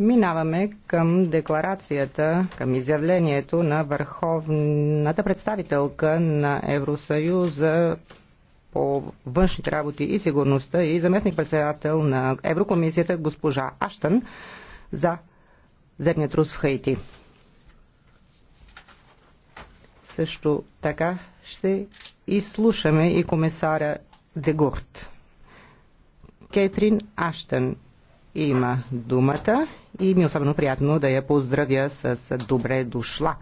Минаваме към декларацията, към изявлението на върховната представителка на Евросъюза по външните работи и сигурността и заместник-председател на Еврокомисията госпожа Аштън за земният рус в Хаити. Също така ще изслушаме и комисаря Дегурт. Кетрин Аштън има думата и ми е особено приятно да я поздравя с добре дошла.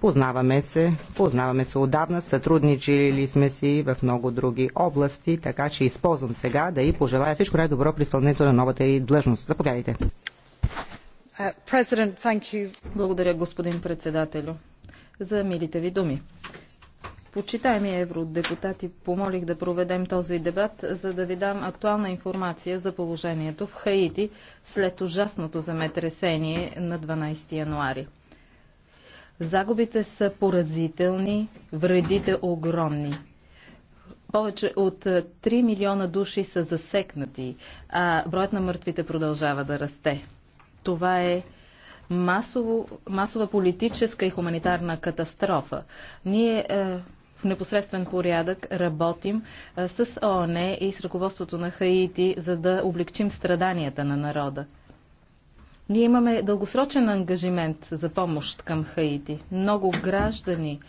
Познаваме се, познаваме се отдавна, сътрудничили сме си в много други области, така че използвам сега да и пожелая всичко най-добро при изпълнението на новата и длъжност. Заповядайте. Uh, Благодаря, господин председателю, за милите ви думи. Почитаеми евродепутати, помолих да проведем този дебат, за да ви дам актуална информация за положението в Хаити след ужасното земетресение на 12 януари. Загубите са поразителни, вредите огромни. Повече от 3 милиона души са засекнати, а броят на мъртвите продължава да расте. Това е масово, масова политическа и хуманитарна катастрофа. Ние е, в непосредствен порядък работим с ООН и с ръководството на Хаити, за да облегчим страданията на народа. Ние имаме дългосрочен ангажимент за помощ към Хаити. Много граждани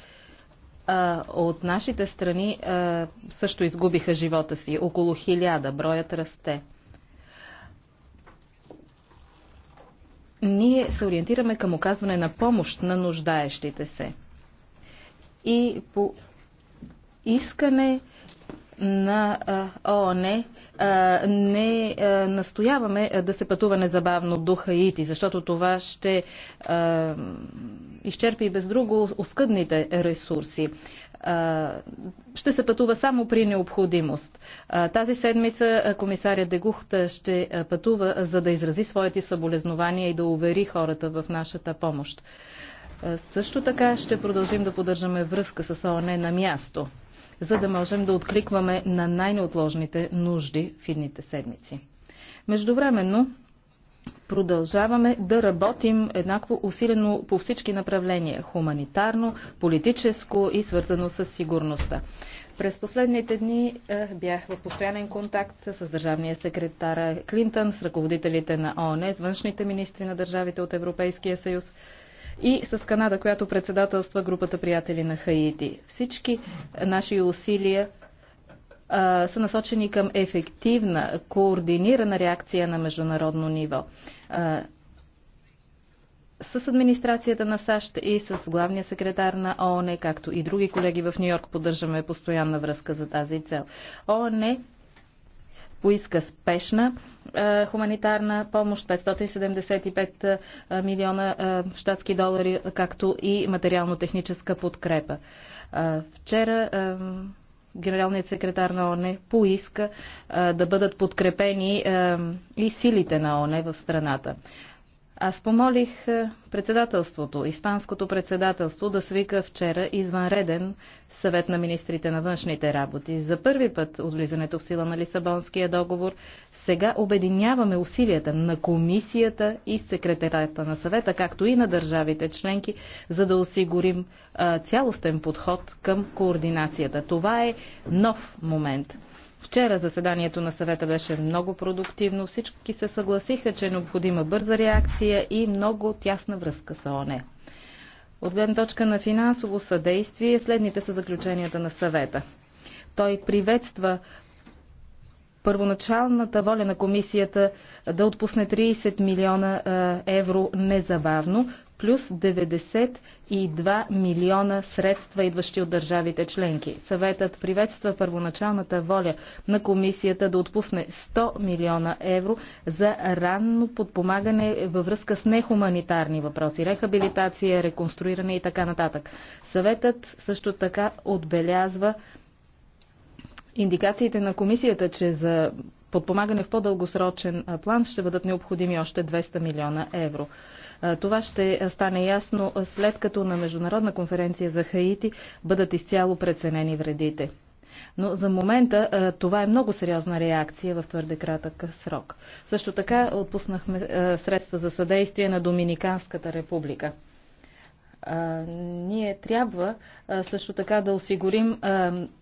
а, от нашите страни а, също изгубиха живота си. Около хиляда. Броят расте. Ние се ориентираме към оказване на помощ на нуждаещите се. И по искане на ООН не настояваме да се пътува незабавно до Хаити, защото това ще изчерпи и без друго оскъдните ресурси ще се пътува само при необходимост. Тази седмица комисаря Дегухта ще пътува, за да изрази своите съболезнования и да увери хората в нашата помощ. Също така ще продължим да поддържаме връзка с ООН на място за да можем да откликваме на най-неотложните нужди в едните седмици. Междувременно, продължаваме да работим еднакво усилено по всички направления хуманитарно, политическо и свързано с сигурността. През последните дни е, бях в постоянен контакт с държавния секретар Клинтън, с ръководителите на ООН, с външните министри на държавите от Европейския съюз, и с Канада, която председателства групата приятели на Хаити. Всички наши усилия а, са насочени към ефективна, координирана реакция на международно ниво. А, с администрацията на САЩ и с главния секретар на ООН, както и други колеги в Нью Йорк, поддържаме постоянна връзка за тази цел. ООН е поиска спешна хуманитарна помощ 575 милиона щатски долари, както и материално-техническа подкрепа. Вчера генералният секретар на ОНЕ поиска да бъдат подкрепени и силите на ОНЕ в страната. Аз помолих е, председателството, испанското председателство, да свика вчера извънреден съвет на министрите на външните работи. За първи път от влизането в сила на Лисабонския договор, сега обединяваме усилията на комисията и секретарята на съвета, както и на държавите членки, за да осигурим а, е, цялостен подход към координацията. Това е нов момент. Вчера заседанието на съвета беше много продуктивно. Всички се съгласиха, че е необходима бърза реакция и много тясна връзка с ОНЕ. От гледна точка на финансово съдействие, следните са заключенията на съвета. Той приветства първоначалната воля на комисията да отпусне 30 милиона е, евро незабавно плюс 92 милиона средства, идващи от държавите членки. Съветът приветства първоначалната воля на комисията да отпусне 100 милиона евро за ранно подпомагане във връзка с нехуманитарни въпроси, рехабилитация, реконструиране и така нататък. Съветът също така отбелязва индикациите на комисията, че за подпомагане в по-дългосрочен план ще бъдат необходими още 200 милиона евро. Това ще стане ясно след като на Международна конференция за Хаити бъдат изцяло преценени вредите. Но за момента това е много сериозна реакция в твърде кратък срок. Също така отпуснахме средства за съдействие на Доминиканската република ние трябва също така да осигурим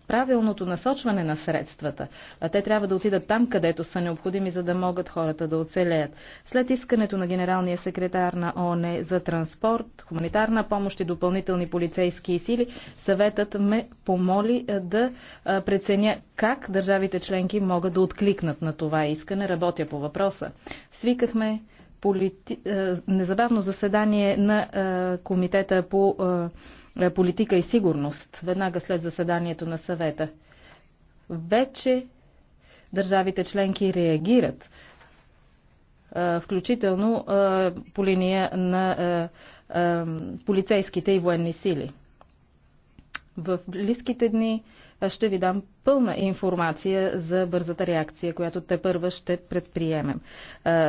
правилното насочване на средствата. А Те трябва да отидат там, където са необходими, за да могат хората да оцелеят. След искането на генералния секретар на ООН за транспорт, хуманитарна помощ и допълнителни полицейски сили, съветът ме помоли да преценя как държавите членки могат да откликнат на това искане. Работя по въпроса. Свикахме полити... Е, незабавно заседание на е, Комитета по е, политика и сигурност, веднага след заседанието на съвета. Вече държавите членки реагират, включително по линия на полицейските и военни сили. В близките дни ще ви дам пълна информация за бързата реакция, която те първа ще предприемем.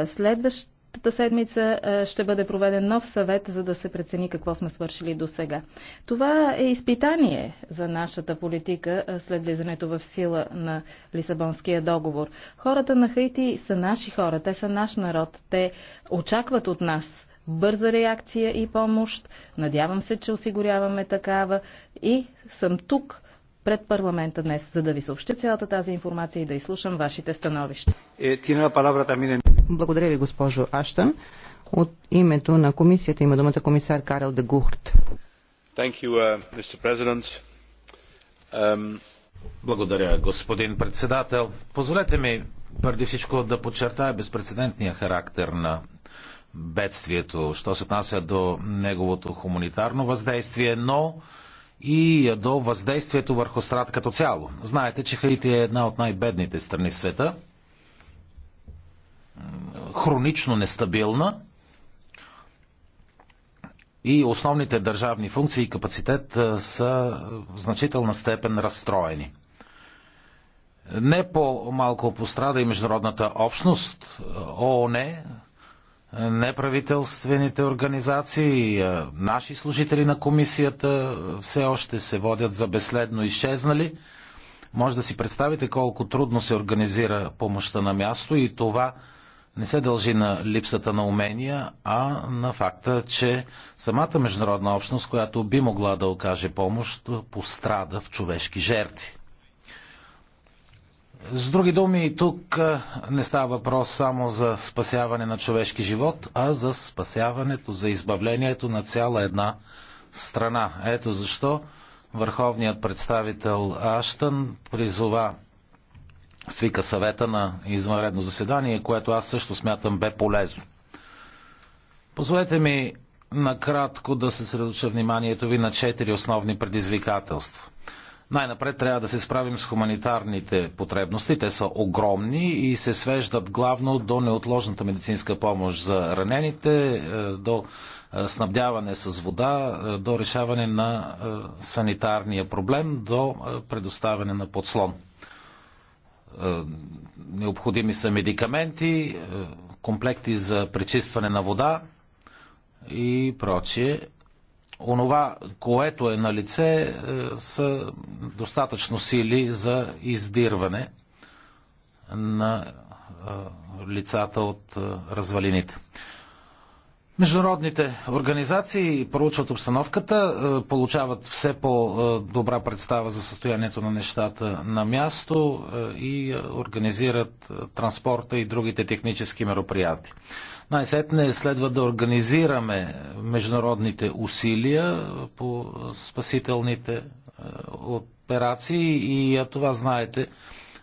Следващ Тата седмица е, ще бъде проведен нов съвет, за да се прецени какво сме свършили до сега. Това е изпитание за нашата политика е, след влизането в сила на Лисабонския договор. Хората на Хаити са наши хора, те са наш народ, те очакват от нас бърза реакция и помощ. Надявам се, че осигуряваме такава и съм тук пред парламента днес, за да ви съобща цялата тази информация и да изслушам вашите становища. Е, Благодаря ви, госпожо Аштън. От името на комисията има думата комисар Карел де Гухт. Uh, um, Благодаря, господин председател. Позволете ми преди всичко да подчертая безпредседентния характер на бедствието, що се отнася до неговото хуманитарно въздействие, но и до въздействието върху страната като цяло. Знаете, че Хаити е една от най-бедните страни в света, хронично нестабилна и основните държавни функции и капацитет е, са в значителна степен разстроени. Не по-малко пострада и международната общност, е, ООН, неправителствените организации, наши служители на комисията все още се водят за безследно изчезнали. Може да си представите колко трудно се организира помощта на място и това не се дължи на липсата на умения, а на факта, че самата международна общност, която би могла да окаже помощ, пострада в човешки жертви. С други думи, тук не става въпрос само за спасяване на човешки живот, а за спасяването, за избавлението на цяла една страна. Ето защо върховният представител Аштън призова свика съвета на извънредно заседание, което аз също смятам бе полезно. Позволете ми накратко да се средоча вниманието ви на четири основни предизвикателства – най-напред трябва да се справим с хуманитарните потребности. Те са огромни и се свеждат главно до неотложната медицинска помощ за ранените, е, до е, снабдяване с вода, е, до решаване на санитарния проблем, до предоставяне на подслон. Необходими са медикаменти, комплекти за пречистване на вода и прочие онова, което е на лице, е, са достатъчно сили за издирване на е, лицата от е, развалините. Международните организации проучват обстановката, получават все по-добра представа за състоянието на нещата на място и организират транспорта и другите технически мероприятия. Най-сетне следва да организираме международните усилия по спасителните е, операции и това, знаете,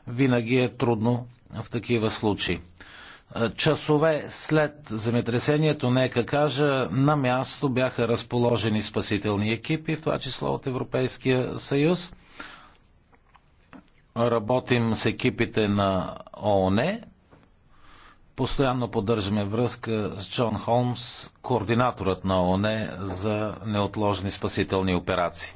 винаги е трудно в такива случаи. Е, часове след земетресението, нека кажа, на място бяха разположени спасителни екипи, в това число от Европейския съюз. Работим с екипите на ООН, Постоянно поддържаме връзка с Джон Холмс, координаторът на ОНЕ за неотложни спасителни операции.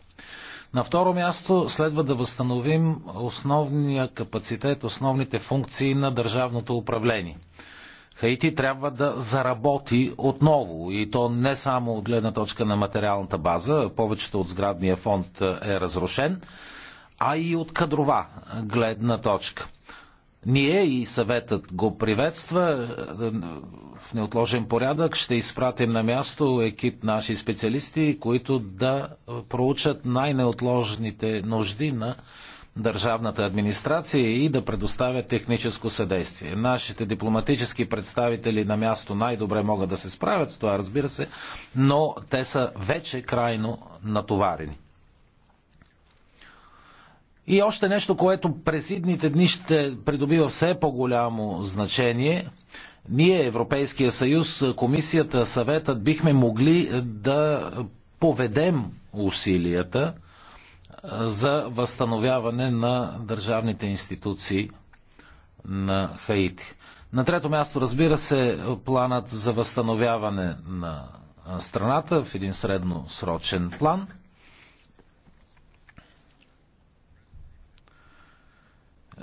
На второ място следва да възстановим основния капацитет, основните функции на държавното управление. Хаити трябва да заработи отново и то не само от гледна точка на материалната база, повечето от сградния фонд е разрушен, а и от кадрова гледна точка – ние и съветът го приветства. В неотложен порядък ще изпратим на място екип наши специалисти, които да проучат най-неотложните нужди на държавната администрация и да предоставят техническо съдействие. Нашите дипломатически представители на място най-добре могат да се справят с това, разбира се, но те са вече крайно натоварени. И още нещо, което през идните дни ще придобива все по-голямо значение. Ние, Европейския съюз, комисията, съветът, бихме могли да поведем усилията за възстановяване на държавните институции на Хаити. На трето място, разбира се, планът за възстановяване на страната в един средносрочен план –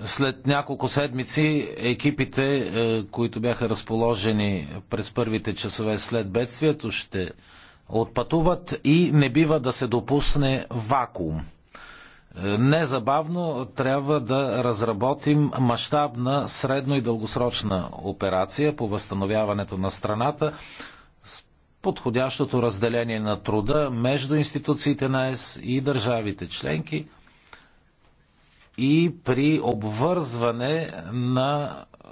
След няколко седмици екипите, е, които бяха разположени през първите часове след бедствието, ще отпътуват и не бива да се допусне вакуум. Е, незабавно трябва да разработим мащабна средно и дългосрочна операция по възстановяването на страната с подходящото разделение на труда между институциите на ЕС и държавите членки – и при обвързване на е,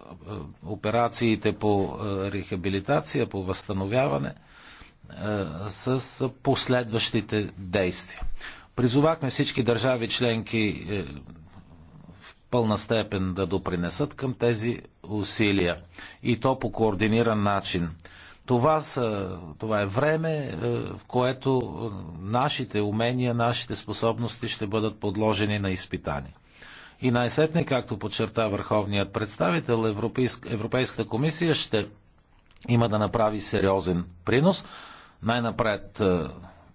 операциите по е, рехабилитация, по възстановяване е, с последващите действия. Призовахме всички държави членки в пълна степен да допринесат към тези усилия и то по координиран начин. Това, са, това е време, в което нашите умения, нашите способности ще бъдат подложени на изпитания. И най-сетне, както подчерта върховният представител, Европейск, Европейската комисия ще има да направи сериозен принос. Най-напред е,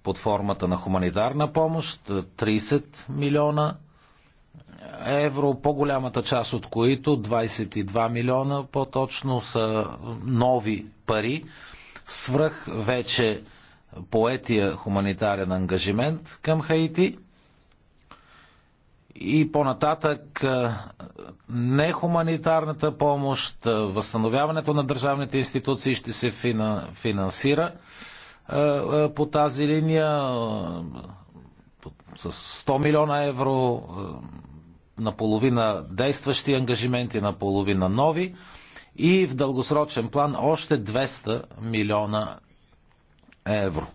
под формата на хуманитарна помощ 30 е, милиона евро, по-голямата част от които 22 милиона по-точно са нови пари, свръх вече поетия хуманитарен ангажимент към Хаити и по-нататък нехуманитарната помощ, възстановяването на държавните институции ще се финансира по тази линия с 100 милиона евро, на половина действащи ангажименти, наполовина нови и в дългосрочен план още 200 милиона евро.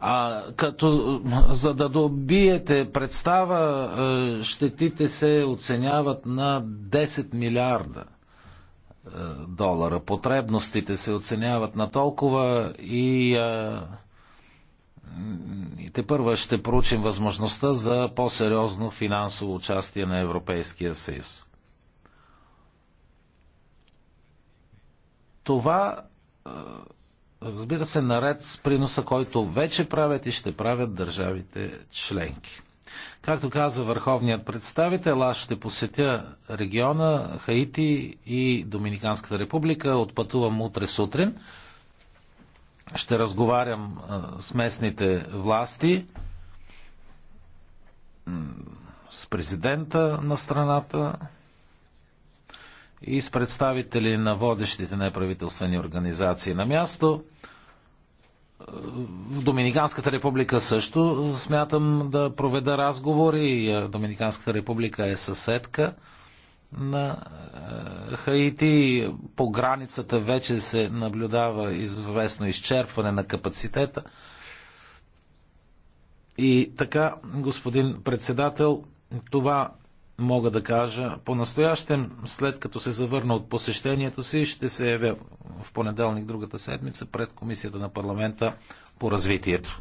А като за да добиете представа, е, щетите се оценяват на 10 милиарда е, долара. Потребностите се оценяват на толкова и, а, е, и те първа ще проучим възможността за по-сериозно финансово участие на Европейския съюз. Това разбира се, наред с приноса, който вече правят и ще правят държавите членки. Както каза върховният представител, аз ще посетя региона Хаити и Доминиканската република. Отпътувам утре сутрин. Ще разговарям с местните власти, с президента на страната, и с представители на водещите неправителствени организации на място. В Доминиканската република също смятам да проведа разговори. Доминиканската република е съседка на е, Хаити. По границата вече се наблюдава известно изчерпване на капацитета. И така, господин председател, това мога да кажа. По-настоящем, след като се завърна от посещението си, ще се явя в понеделник другата седмица пред Комисията на парламента по развитието.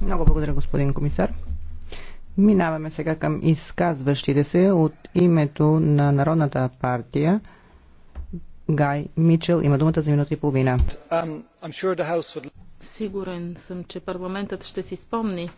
Много благодаря, господин комисар. Минаваме сега към изказващите се от името на Народната партия. Гай Мичел има думата за минута и половина. Um, Сигурен съм, че парламентът ще си спомни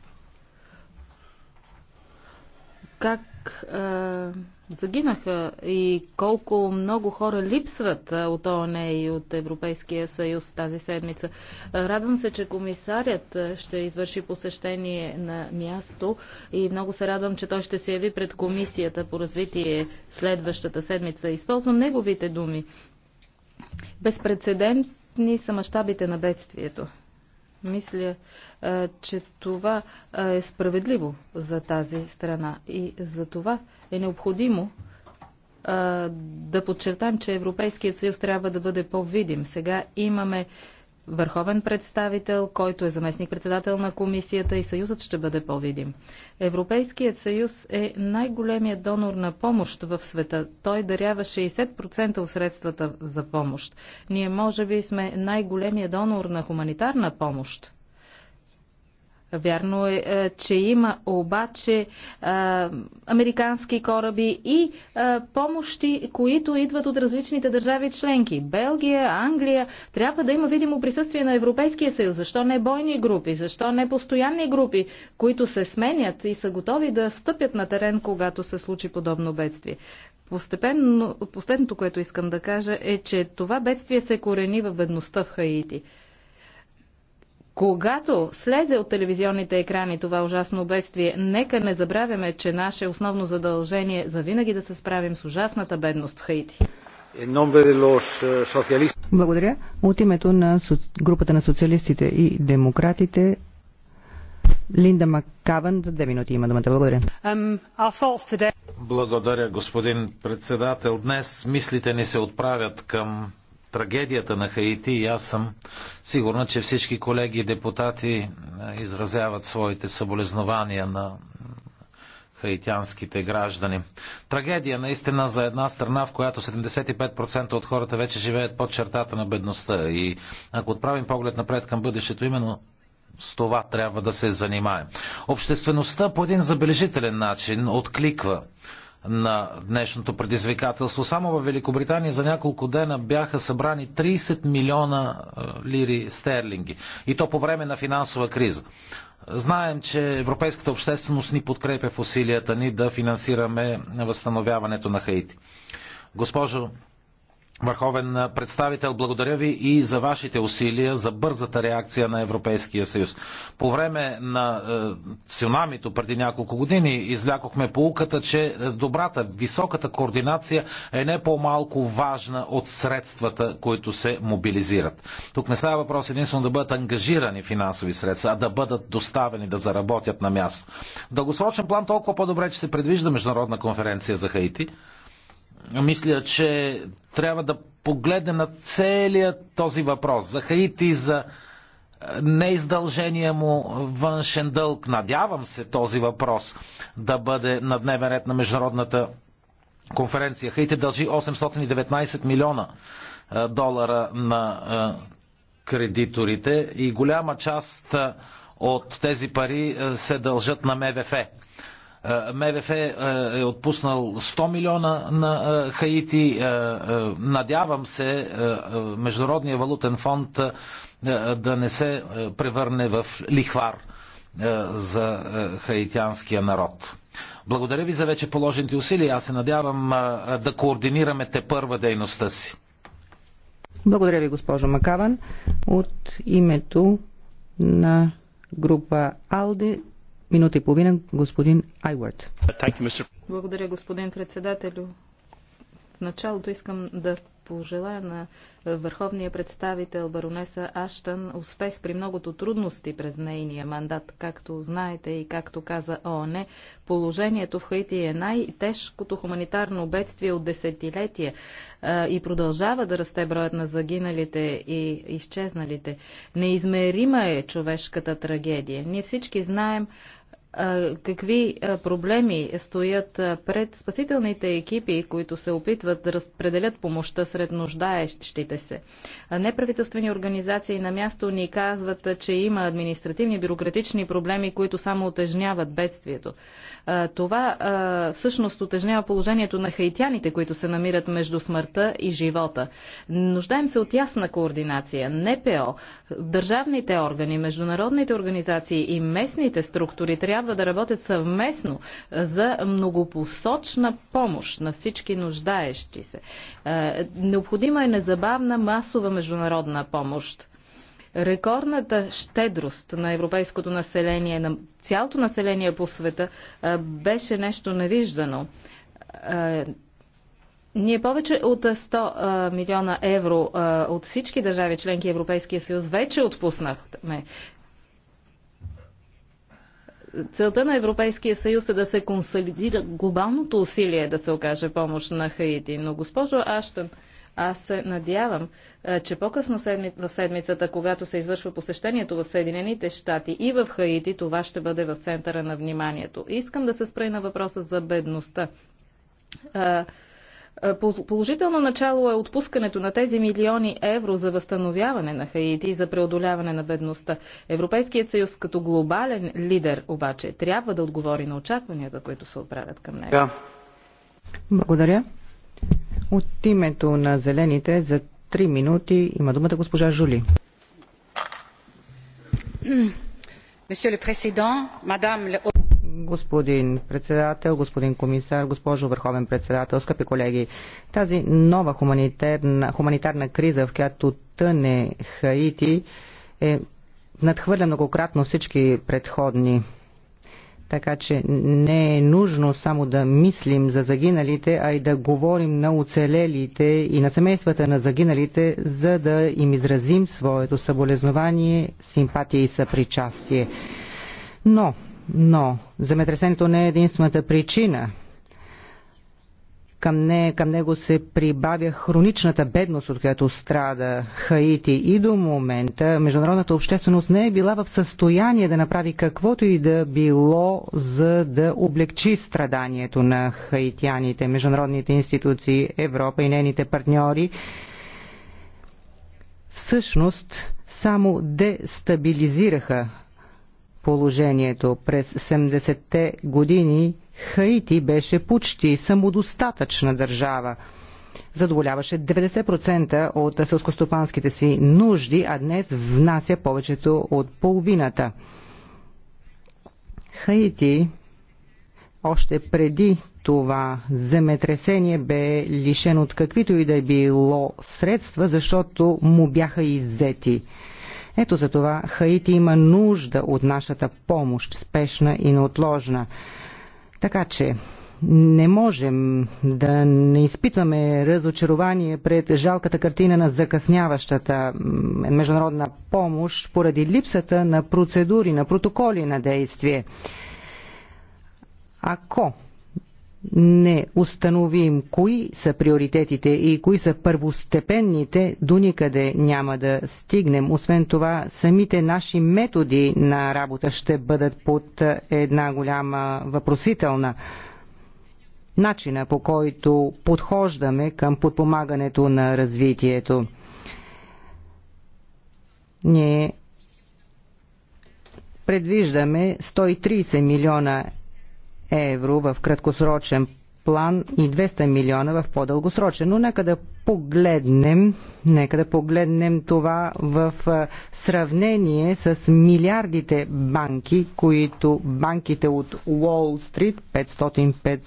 как а, загинаха и колко много хора липсват от ООН и от Европейския съюз тази седмица. Радвам се, че комисарят ще извърши посещение на място и много се радвам, че той ще се яви пред комисията по развитие следващата седмица. Използвам неговите думи. Безпредседентни са мащабите на бедствието. Мисля, че това е справедливо за тази страна и за това е необходимо да подчертаем, че Европейският съюз трябва да бъде по-видим. Сега имаме върховен представител, който е заместник-председател на комисията и съюзът ще бъде по-видим. Европейският съюз е най-големият донор на помощ в света. Той дарява 60% от средствата за помощ. Ние може би сме най-големият донор на хуманитарна помощ Вярно е, е, че има обаче а, е, американски кораби и а, е, помощи, които идват от различните държави членки. Белгия, Англия. Трябва да има видимо присъствие на Европейския съюз. Защо не бойни групи? Защо не постоянни групи, които се сменят и са готови да стъпят на терен, когато се случи подобно бедствие? Постепенно, последното, което искам да кажа е, че това бедствие се корени в бедността в Хаити. Когато слезе от телевизионните екрани това ужасно бедствие, нека не забравяме, че наше основно задължение за винаги да се справим с ужасната бедност в Хаити. Е, е е, Благодаря. От името на групата на социалистите и демократите Линда Маккаван за две минути има думата. Благодаря. Um, Благодаря, господин председател. Днес мислите ни се отправят към трагедията на Хаити и аз съм сигурна, че всички колеги и депутати е, изразяват своите съболезнования на хаитянските граждани. Трагедия наистина за една страна, в която 75% от хората вече живеят под чертата на бедността. И ако отправим поглед напред към бъдещето, именно с това трябва да се занимаем. Обществеността по един забележителен начин откликва на днешното предизвикателство. Само в Великобритания за няколко дена бяха събрани 30 милиона е, лири стерлинги. И то по време на финансова криза. Знаем, че европейската общественост ни подкрепя в усилията ни да финансираме възстановяването на Хаити. Госпожо Върховен представител, благодаря ви и за вашите усилия за бързата реакция на Европейския съюз. По време на е, цунамито преди няколко години излякохме полуката, че е, добрата, високата координация е не по-малко важна от средствата, които се мобилизират. Тук не става въпрос единствено да бъдат ангажирани финансови средства, а да бъдат доставени, да заработят на място. В дългосрочен план толкова по-добре, че се предвижда международна конференция за Хаити – мисля, че трябва да погледне на целият този въпрос за Хаити, за е, неиздължения му външен дълг. Надявам се този въпрос да бъде на дневен ред на международната конференция. Хаити дължи 819 милиона е, долара на е, кредиторите и голяма част от тези пари се дължат на МВФ. Е, МВФ е, е отпуснал 100 милиона на е, Хаити. Надявам се Международния валутен фонд да не се превърне в лихвар за хаитянския народ. Благодаря ви за вече положените усилия. Аз се надявам да координираме те първа дейността си. Благодаря ви, госпожо Макаван. От името на група Алди минута и половина господин Айвард. Благодаря, господин председателю. В началото искам да пожелая на върховния представител баронеса Аштън успех при многото трудности през нейния мандат. Както знаете и както каза ООН, положението в Хаити е най-тежкото хуманитарно бедствие от десетилетия и продължава да расте броят на загиналите и изчезналите. Неизмерима е човешката трагедия. Ние всички знаем, какви проблеми стоят пред спасителните екипи, които се опитват да разпределят помощта сред нуждаещите се. Неправителствени организации на място ни казват, че има административни бюрократични проблеми, които само отежняват бедствието. Това всъщност отежнява положението на хаитяните, които се намират между смъртта и живота. Нуждаем се от ясна координация. НПО, държавните органи, международните организации и местните структури трябва да работят съвместно за многопосочна помощ на всички нуждаещи се. Необходима е незабавна масова международна помощ. Рекордната щедрост на европейското население, на цялото население по света, беше нещо невиждано. Ние повече от 100 милиона евро от всички държави членки Европейския съюз вече отпуснахме целта на Европейския съюз е да се консолидира глобалното усилие да се окаже помощ на Хаити. Но, госпожо Аштън, аз се надявам, е, че по-късно в седмицата, когато се извършва посещението в Съединените щати и в Хаити, това ще бъде в центъра на вниманието. Искам да се спра на въпроса за бедността. Е, е, положително начало е отпускането на тези милиони евро за възстановяване на Хаити и за преодоляване на бедността. Европейският съюз като глобален лидер обаче трябва да отговори на очакванията, които се отправят към него. Да. Благодаря. От името на Зелените за 3 минути има думата госпожа Жули. Господин председател, господин комисар, госпожо върховен председател, скъпи колеги, тази нова хуманитарна, хуманитарна криза, в която тъне Хаити, е надхвърля многократно всички предходни така че не е нужно само да мислим за загиналите, а и да говорим на оцелелите и на семействата на загиналите, за да им изразим своето съболезнование, симпатия и съпричастие. Но, но, земетресението не е единствената причина към, не, към него се прибавя хроничната бедност, от която страда Хаити. И до момента международната общественост не е била в състояние да направи каквото и да било, за да облегчи страданието на хаитяните. Международните институции, Европа и нейните партньори всъщност само дестабилизираха положението. През 70-те години Хаити беше почти самодостатъчна държава. Задоволяваше 90% от селскостопанските си нужди, а днес внася повечето от половината. Хаити още преди това земетресение бе лишен от каквито и да е било средства, защото му бяха иззети. Ето за това Хаити има нужда от нашата помощ, спешна и неотложна. Така че не можем да не изпитваме разочарование пред жалката картина на закъсняващата международна помощ поради липсата на процедури, на протоколи на действие. Ако не установим кои са приоритетите и кои са първостепенните, до никъде няма да стигнем. Освен това, самите наши методи на работа ще бъдат под една голяма въпросителна. Начина по който подхождаме към подпомагането на развитието. Ние предвиждаме 130 милиона евро в краткосрочен план и 200 милиона в по-дългосрочен. Но нека да погледнем, нека да погледнем това в сравнение с милиардите банки, които банките от Уолл Стрит 505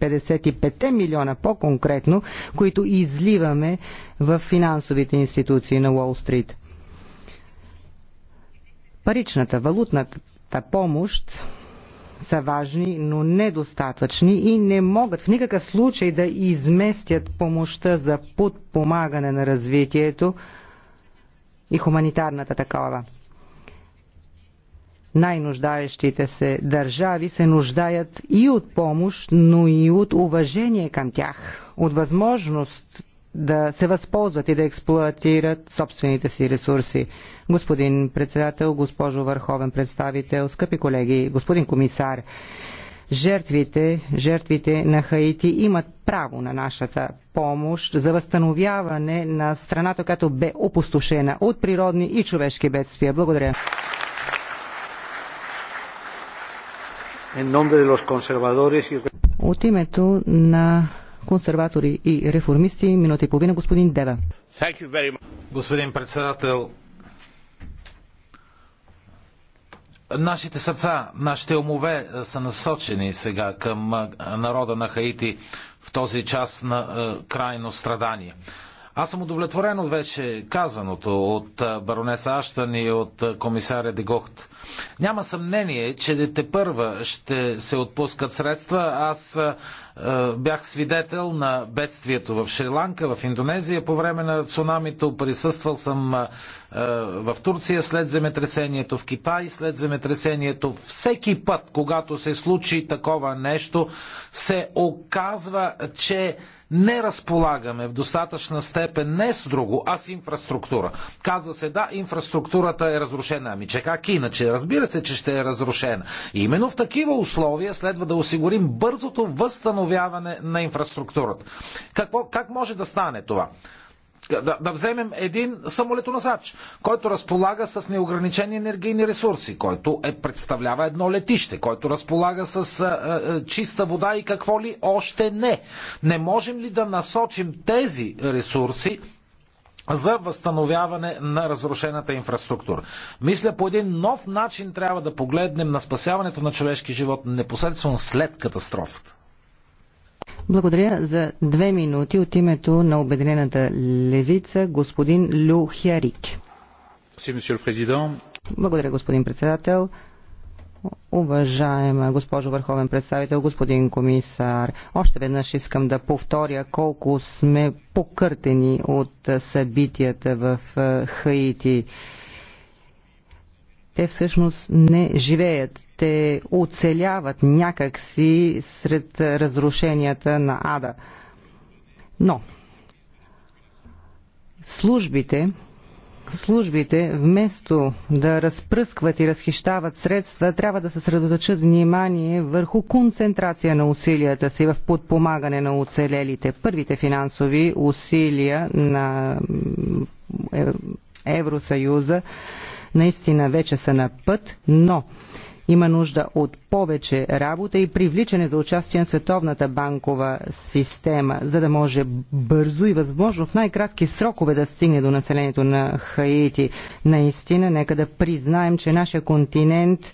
55 милиона по-конкретно, които изливаме в финансовите институции на Уолл Стрит. Паричната, валутната помощ са важни, но недостатъчни и не могат в никакъв случай да изместят помощта за подпомагане на развитието и хуманитарната такава. Най-нуждаещите се държави се нуждаят и от помощ, но и от уважение към тях, от възможност да се възползват и да експлуатират собствените си ресурси. Господин председател, госпожо върховен представител, скъпи колеги, господин комисар, жертвите, жертвите на Хаити имат право на нашата помощ за възстановяване на страната, която бе опустошена от природни и човешки бедствия. Благодаря. От името на консерватори и реформисти. Минута и половина, господин Дева. Господин председател, Нашите сърца, нашите умове е, са насочени сега към е, народа на Хаити в този час на е, крайно страдание. Аз съм удовлетворен от вече казаното от баронеса Аштан и от комисаря Дегохт. Няма съмнение, че дете първа ще се отпускат средства. Аз е, бях свидетел на бедствието в Шри-Ланка, в Индонезия по време на цунамито. Присъствал съм е, в Турция след земетресението, в Китай след земетресението. Всеки път, когато се случи такова нещо, се оказва, че не разполагаме в достатъчна степен не с друго, а с инфраструктура. Казва се, да, инфраструктурата е разрушена. Ами че как иначе? Разбира се, че ще е разрушена. И именно в такива условия следва да осигурим бързото възстановяване на инфраструктурата. Какво, как може да стане това? да, да вземем един самолетоносач, който разполага с неограничени енергийни ресурси, който е, представлява едно летище, който разполага с а, а, чиста вода и какво ли още не. Не можем ли да насочим тези ресурси за възстановяване на разрушената инфраструктура. Мисля, по един нов начин трябва да погледнем на спасяването на човешки живот непосредствено след катастрофата. Благодаря за две минути от името на Обединената левица господин Лю Хярик. Благодаря, господин председател. Уважаема госпожо Върховен представител, господин комисар, още веднъж искам да повторя колко сме покъртени от събитията в е, Хаити те всъщност не живеят. Те оцеляват някакси сред разрушенията на ада. Но службите, службите, вместо да разпръскват и разхищават средства, трябва да съсредоточат внимание върху концентрация на усилията си в подпомагане на оцелелите. Първите финансови усилия на Евросъюза наистина вече са на път, но има нужда от повече работа и привличане за участие на Световната банкова система, за да може бързо и възможно в най-кратки срокове да стигне до населението на Хаити. Наистина, нека да признаем, че нашия континент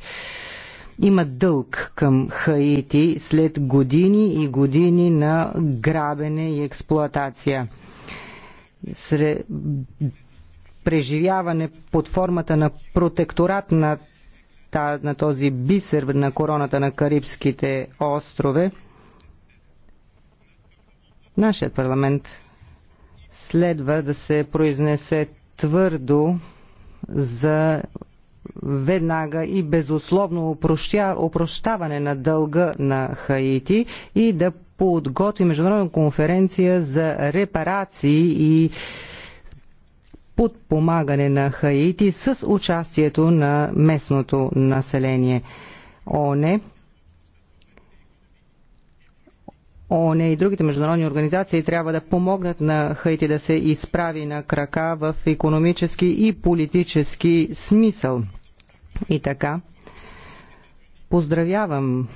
има дълг към Хаити след години и години на грабене и експлоатация. Сред преживяване под формата на протекторат на, на този бисер на короната на Карибските острове, нашият парламент следва да се произнесе твърдо за веднага и безусловно опрощаване на дълга на Хаити и да подготви международна конференция за репарации и подпомагане на Хаити с участието на местното население. ОНЕ ОНЕ и другите международни организации трябва да помогнат на Хаити да се изправи на крака в економически и политически смисъл. И така, поздравявам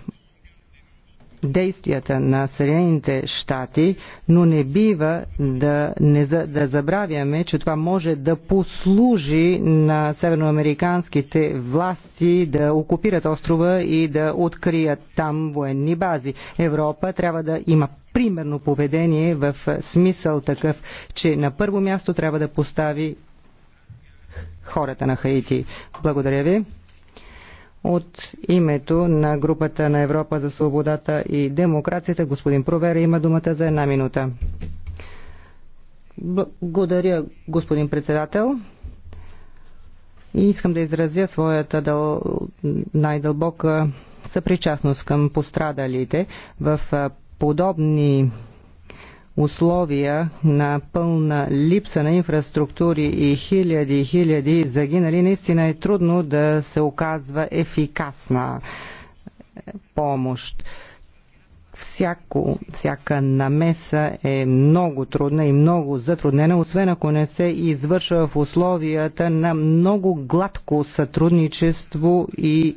действията на Съединените щати, но не бива да, не, да забравяме, че това може да послужи на северноамериканските власти да окупират острова и да открият там военни бази. Европа трябва да има примерно поведение в смисъл такъв, че на първо място трябва да постави хората на Хаити. Благодаря ви. От името на групата на Европа за свободата и демокрацията, господин Провера има думата за една минута. Благодаря, господин председател. И искам да изразя своята дъл... най-дълбока съпричастност към пострадалите в подобни условия на пълна липса на инфраструктури и хиляди и хиляди загинали, наистина е трудно да се оказва ефикасна е, помощ. Всяко, всяка намеса е много трудна и много затруднена, освен ако не се извършва в условията на много гладко сътрудничество и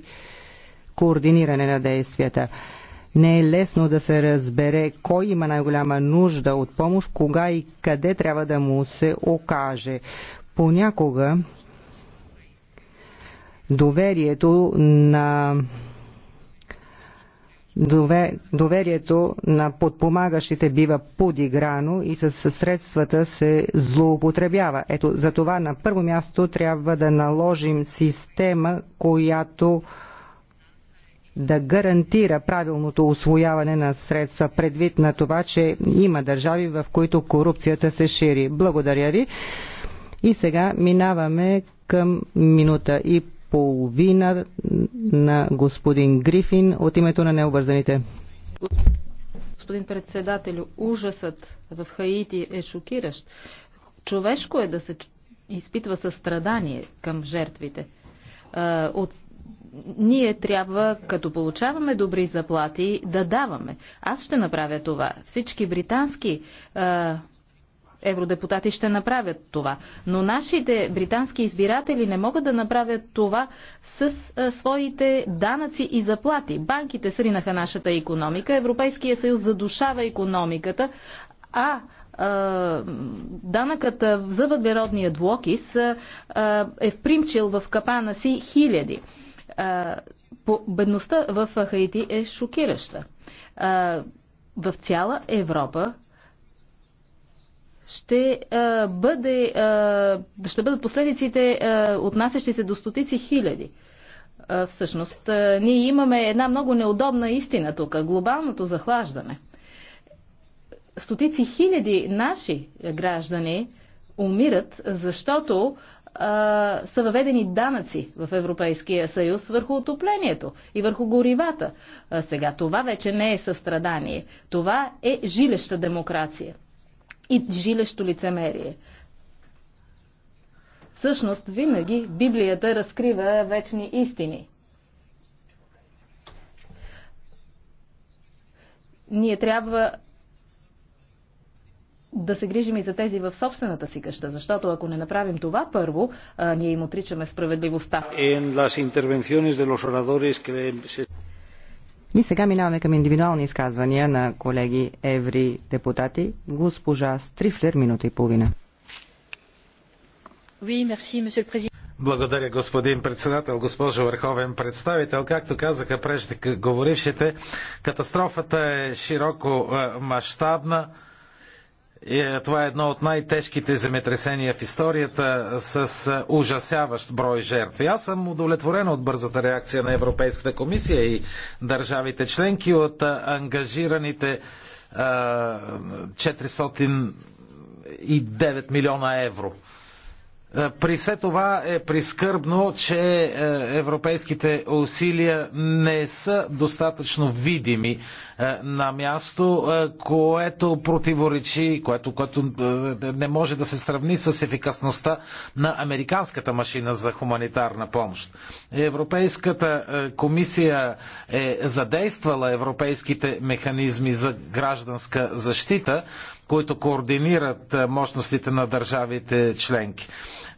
координиране на действията. Не е лесно да се разбере кой има най-голяма нужда от помощ, кога и къде трябва да му се окаже. Понякога доверието на доверието на подпомагащите бива подиграно и с средствата се злоупотребява. Ето, за това на първо място трябва да наложим система, която да гарантира правилното освояване на средства, предвид на това, че има държави, в които корупцията се шири. Благодаря ви. И сега минаваме към минута и половина на господин Грифин от името на необързаните. Господин председателю, ужасът в Хаити е шокиращ. Човешко е да се изпитва състрадание към жертвите. От ние трябва, като получаваме добри заплати, да даваме. Аз ще направя това. Всички британски а, евродепутати ще направят това. Но нашите британски избиратели не могат да направят това с а, своите данъци и заплати. Банките сринаха нашата економика, Европейския съюз задушава економиката, а данъкът за въглеродния двокис е впримчил в капана си хиляди бедността в Хаити е шокираща. В цяла Европа ще, бъде, ще бъдат последиците, отнасящи се до стотици хиляди. всъщност, ние имаме една много неудобна истина тук глобалното захлаждане. Стотици хиляди наши граждани умират, защото а, са въведени данъци в Европейския съюз върху отоплението и върху горивата. А, сега това вече не е състрадание. Това е жилеща демокрация и жилещо лицемерие. Всъщност, винаги Библията разкрива вечни истини. Ние трябва да се грижим и за тези в собствената си къща, защото ако не направим това първо, а, ние им отричаме справедливостта. И сега минаваме към индивидуални изказвания на колеги еври депутати. Госпожа Стрифлер, минута и половина. Oui, merci, Благодаря, господин председател, госпожо върховен представител. Както казаха преждеговорившите, катастрофата е широко е, мащабна. Е, това е едно от най-тежките земетресения в историята с ужасяващ брой жертви. Аз съм удовлетворен от бързата реакция на Европейската комисия и държавите членки от ангажираните 409 милиона евро е, при все това е прискърбно, че е, европейските усилия не са достатъчно видими е, на място, което противоречи, което, което не може да се сравни с ефикасността на американската машина за хуманитарна помощ. Европейската комисия е задействала европейските механизми за гражданска защита, които координират мощностите на държавите членки.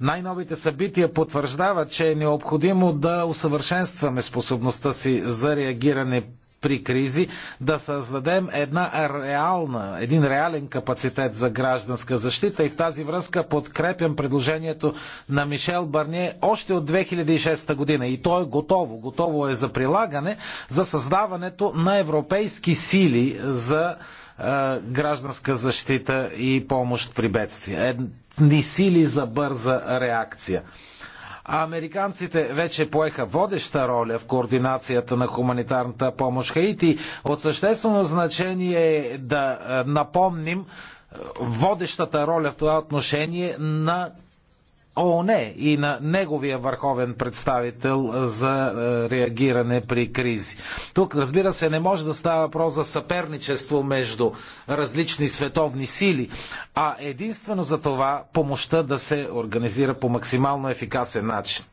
Най-новите събития потвърждават, че е необходимо да усъвършенстваме способността си за реагиране при кризи, да създадем една реална, един реален капацитет за гражданска защита и в тази връзка подкрепям предложението на Мишел Барние още от 2006 година и то е готово, готово е за прилагане за създаването на европейски сили за гражданска защита и помощ при бедствия. Едни сили за бърза реакция. А американците вече поеха водеща роля в координацията на хуманитарната помощ Хаити. От съществено значение е да напомним водещата роля в това отношение на ООН и на неговия върховен представител за е, реагиране при кризи. Тук, разбира се, не може да става въпрос за съперничество между различни световни сили, а единствено за това помощта да се организира по максимално ефикасен начин.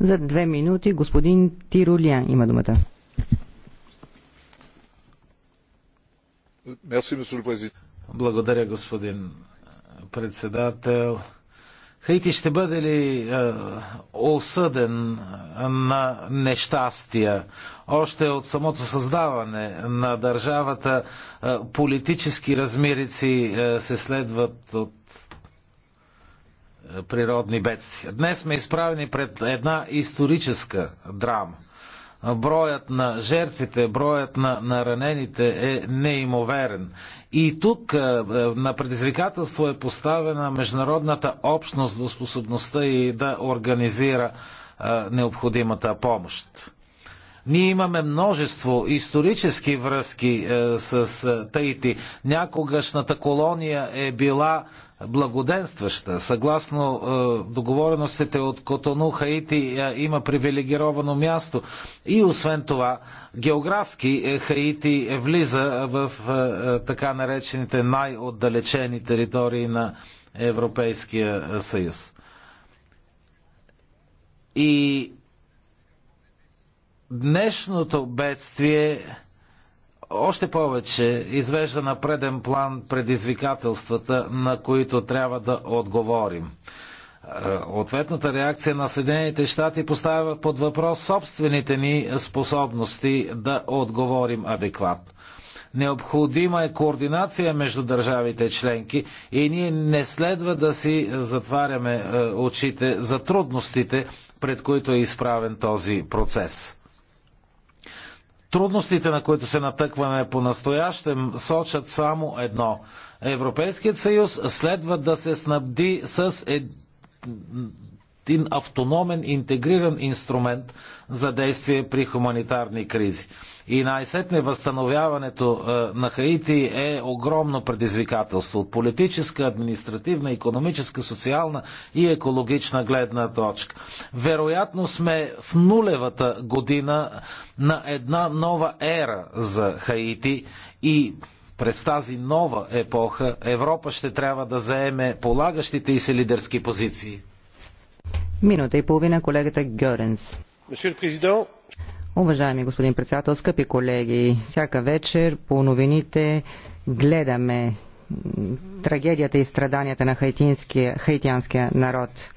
За две минути господин Тирулия има думата. Благодаря, господин председател. Хаити ще бъде ли е, осъден е, на нещастия? Още от самото създаване на държавата е, политически размерици е, се следват от е, природни бедствия. Днес сме изправени пред една историческа драма броят на жертвите, броят на, на ранените е неимоверен. И тук е, е, на предизвикателство е поставена международната общност в способността и да организира е, необходимата помощ. Ние имаме множество исторически връзки е, с Таити. Някогашната колония е била благоденстваща. Съгласно е, договореностите от Котону, Хаити е, има привилегировано място. И освен това, географски е, Хаити е влиза в е, е, така наречените най-отдалечени територии на Европейския е, съюз. И днешното бедствие още повече извежда на преден план предизвикателствата, на които трябва да отговорим. Е, ответната реакция на Съединените щати поставя под въпрос собствените ни способности да отговорим адекватно. Необходима е координация между държавите членки и ние не следва да си затваряме е, очите за трудностите, пред които е изправен този процес. Трудностите, на които се натъкваме по-настоящем, сочат само едно. Европейският съюз следва да се снабди с един автономен, интегриран инструмент за действие при хуманитарни кризи. И най-сетне възстановяването е, на Хаити е огромно предизвикателство от политическа, административна, економическа, социална и екологична гледна точка. Вероятно сме в нулевата година на една нова ера за Хаити и през тази нова епоха Европа ще трябва да заеме полагащите и се лидерски позиции. Минута и половина колегата Гьоренс. Уважаеми господин председател, скъпи колеги, всяка вечер по новините гледаме трагедията и страданията на хаитинския, хаитянския народ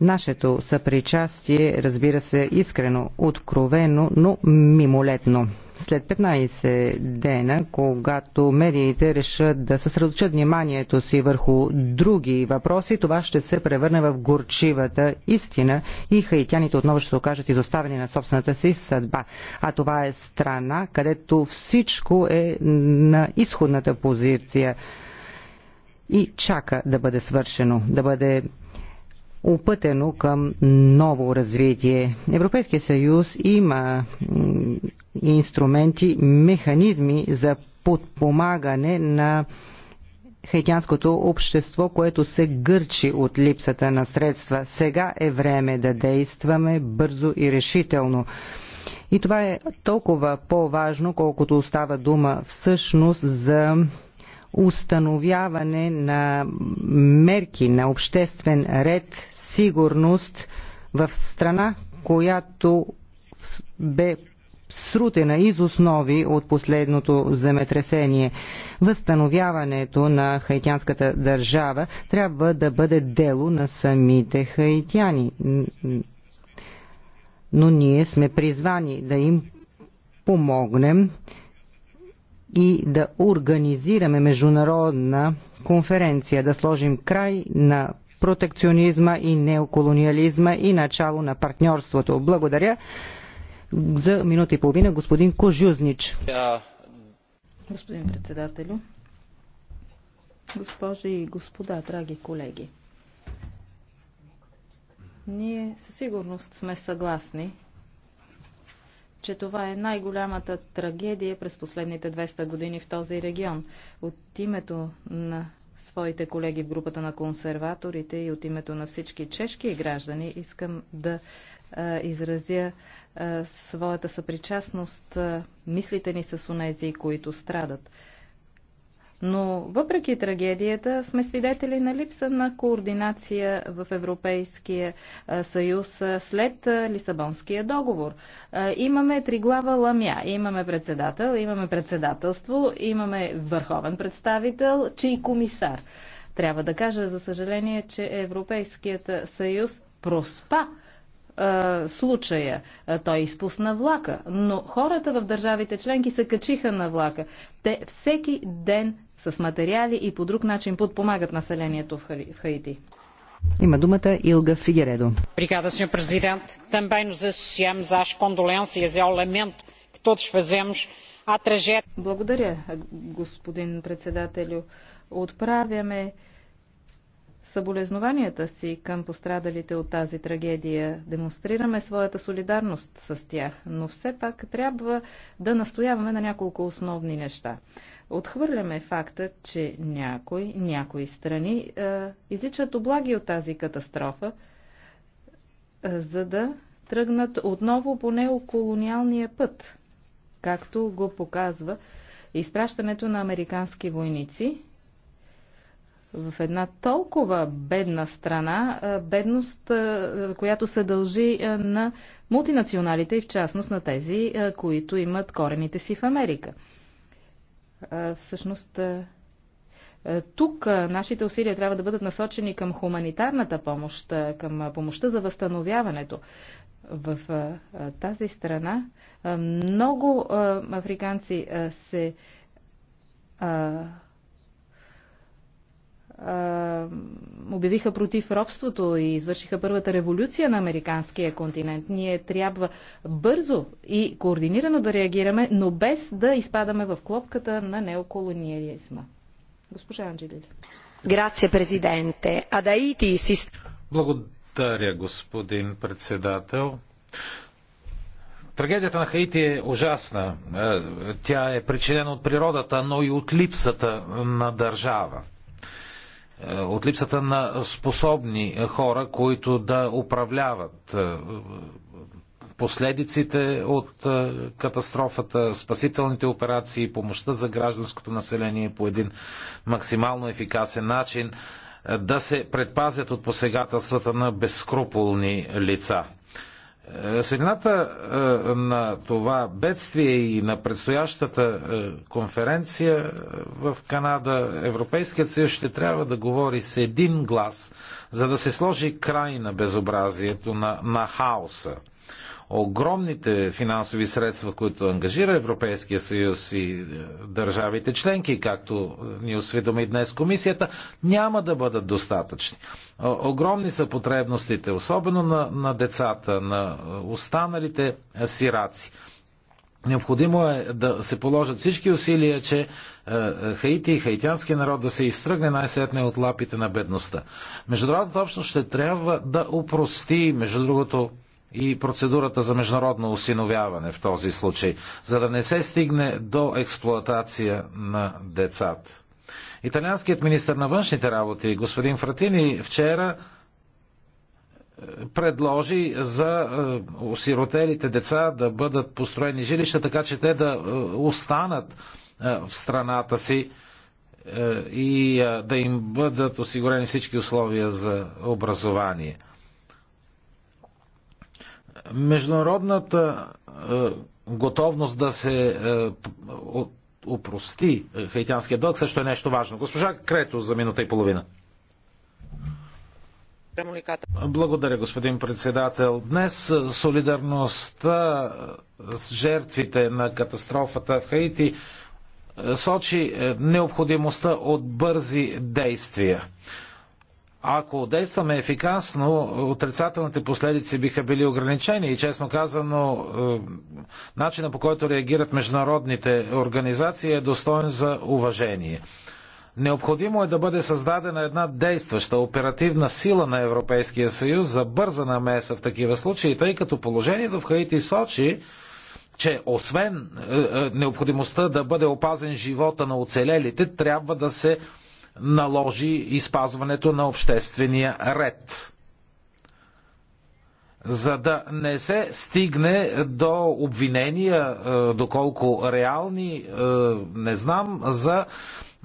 нашето съпричастие, разбира се, искрено, откровено, но мимолетно. След 15 дена, когато медиите решат да съсредоточат вниманието си върху други въпроси, това ще се превърне в горчивата истина и хаитяните отново ще се окажат изоставени на собствената си съдба. А това е страна, където всичко е на изходната позиция и чака да бъде свършено, да бъде опътено към ново развитие. Европейския съюз има инструменти, механизми за подпомагане на хаитянското общество, което се гърчи от липсата на средства. Сега е време да действаме бързо и решително. И това е толкова по-важно, колкото остава дума всъщност за установяване на мерки на обществен ред, сигурност в страна, която бе срутена из основи от последното земетресение. Възстановяването на хаитянската държава трябва да бъде дело на самите хаитяни. Но ние сме призвани да им помогнем и да организираме международна конференция, да сложим край на протекционизма и неоколониализма и начало на партньорството. Благодаря за минута и половина господин Кожузнич. Господин председателю, госпожи и господа, драги колеги, ние със сигурност сме съгласни, че това е най-голямата трагедия през последните 200 години в този регион. От името на своите колеги в групата на консерваторите и от името на всички чешки граждани искам да изразя своята съпричастност. Мислите ни с онези, които страдат. Но въпреки трагедията сме свидетели на липса на координация в Европейския съюз след Лисабонския договор. Имаме три глава ламя. Имаме председател, имаме председателство, имаме върховен представител, че и комисар. Трябва да кажа, за съжаление, че Европейският съюз проспа случая. Той изпусна влака, но хората в държавите членки се качиха на влака. Те всеки ден с материали и по друг начин подпомагат населението в Хаити. Има думата Илга Фигередо. Obrigada, Sr. Presidente. Também nos associamos às condolências e ao lamento que todos fazemos à tragédia. Благодаря, господин председателю. Отправяме съболезнованията си към пострадалите от тази трагедия. Демонстрираме своята солидарност с тях, но все пак трябва да настояваме на няколко основни неща. Отхвърляме факта, че някои, някои страни е, изличат облаги от тази катастрофа, е, за да тръгнат отново по неоколониалния път, както го показва изпращането на американски войници в една толкова бедна страна, бедност, която се дължи на мултинационалите и в частност на тези, които имат корените си в Америка всъщност тук нашите усилия трябва да бъдат насочени към хуманитарната помощ, към помощта за възстановяването. В тази страна много африканци се обявиха против робството и извършиха първата революция на американския континент. Ние трябва бързо и координирано да реагираме, но без да изпадаме в клопката на неоколониализма. Госпожа Анджелили. Грация, президенте. Адаити си... Благодаря, господин председател. Трагедията на Хаити е ужасна. Е, тя е причинена от природата, но и от липсата на държава. Е, от липсата на способни хора, които да управляват е, последиците от е, катастрофата, спасителните операции, помощта за гражданското население по един максимално ефикасен начин, да се предпазят от посегателствата на безскруполни лица. Е, светлината е, на това бедствие и на предстоящата е, конференция в Канада, Европейският съюз ще трябва да говори с един глас, за да се сложи край на безобразието, на, на хаоса огромните финансови средства, които ангажира Европейския съюз и е, държавите членки, както е, ни осведоми днес комисията, няма да бъдат достатъчни. Огромни са потребностите, особено на, на децата, на е, останалите сираци. Необходимо е да се положат всички усилия, че Хаити и хаитянския народ да се изтръгне най-сетне от лапите на бедността. Международната общност ще трябва да упрости, между другото, и процедурата за международно осиновяване в този случай, за да не се стигне до експлоатация на децата. Италианският министр на външните работи, господин Фратини, вчера е, предложи за е, осиротелите деца да бъдат построени жилища, така че те да е, останат в страната си и да им бъдат осигурени всички условия за образование. Международната е, готовност да се е, опрости хаитянския дълг също е нещо важно. Госпожа Крето за минута и половина. Благодаря, господин председател. Днес е, солидарността с жертвите на катастрофата в Хаити сочи необходимостта от бързи действия. Ако действаме ефикасно, отрицателните последици биха били ограничени и честно казано, е, начина по който реагират международните организации е достоен за уважение. Необходимо е да бъде създадена една действаща оперативна сила на Европейския съюз за бърза намеса в такива случаи, тъй като положението в Хаити сочи, че освен е, е, необходимостта да бъде опазен живота на оцелелите, трябва да се наложи изпазването на обществения ред. За да не се стигне до обвинения, е, доколко реални, е, не знам, за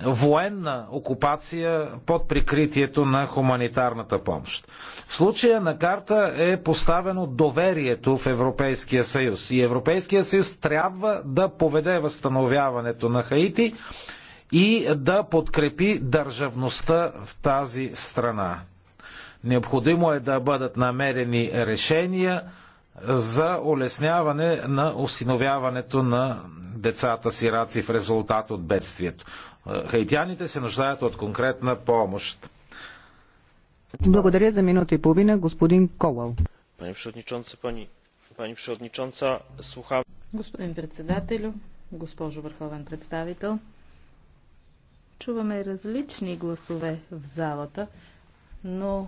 военна окупация под прикритието на хуманитарната помощ. В случая на карта е поставено доверието в Европейския съюз и Европейския съюз трябва да поведе възстановяването на Хаити и да подкрепи държавността в тази страна. Необходимо е да бъдат намерени решения за улесняване на осиновяването на децата сираци в резултат от бедствието. Хаитяните се нуждаят от конкретна помощ. Благодаря за минута и половина, господин Ковал. Пани пани, пани Господин председателю, госпожо върховен представител, Чуваме различни гласове в залата, но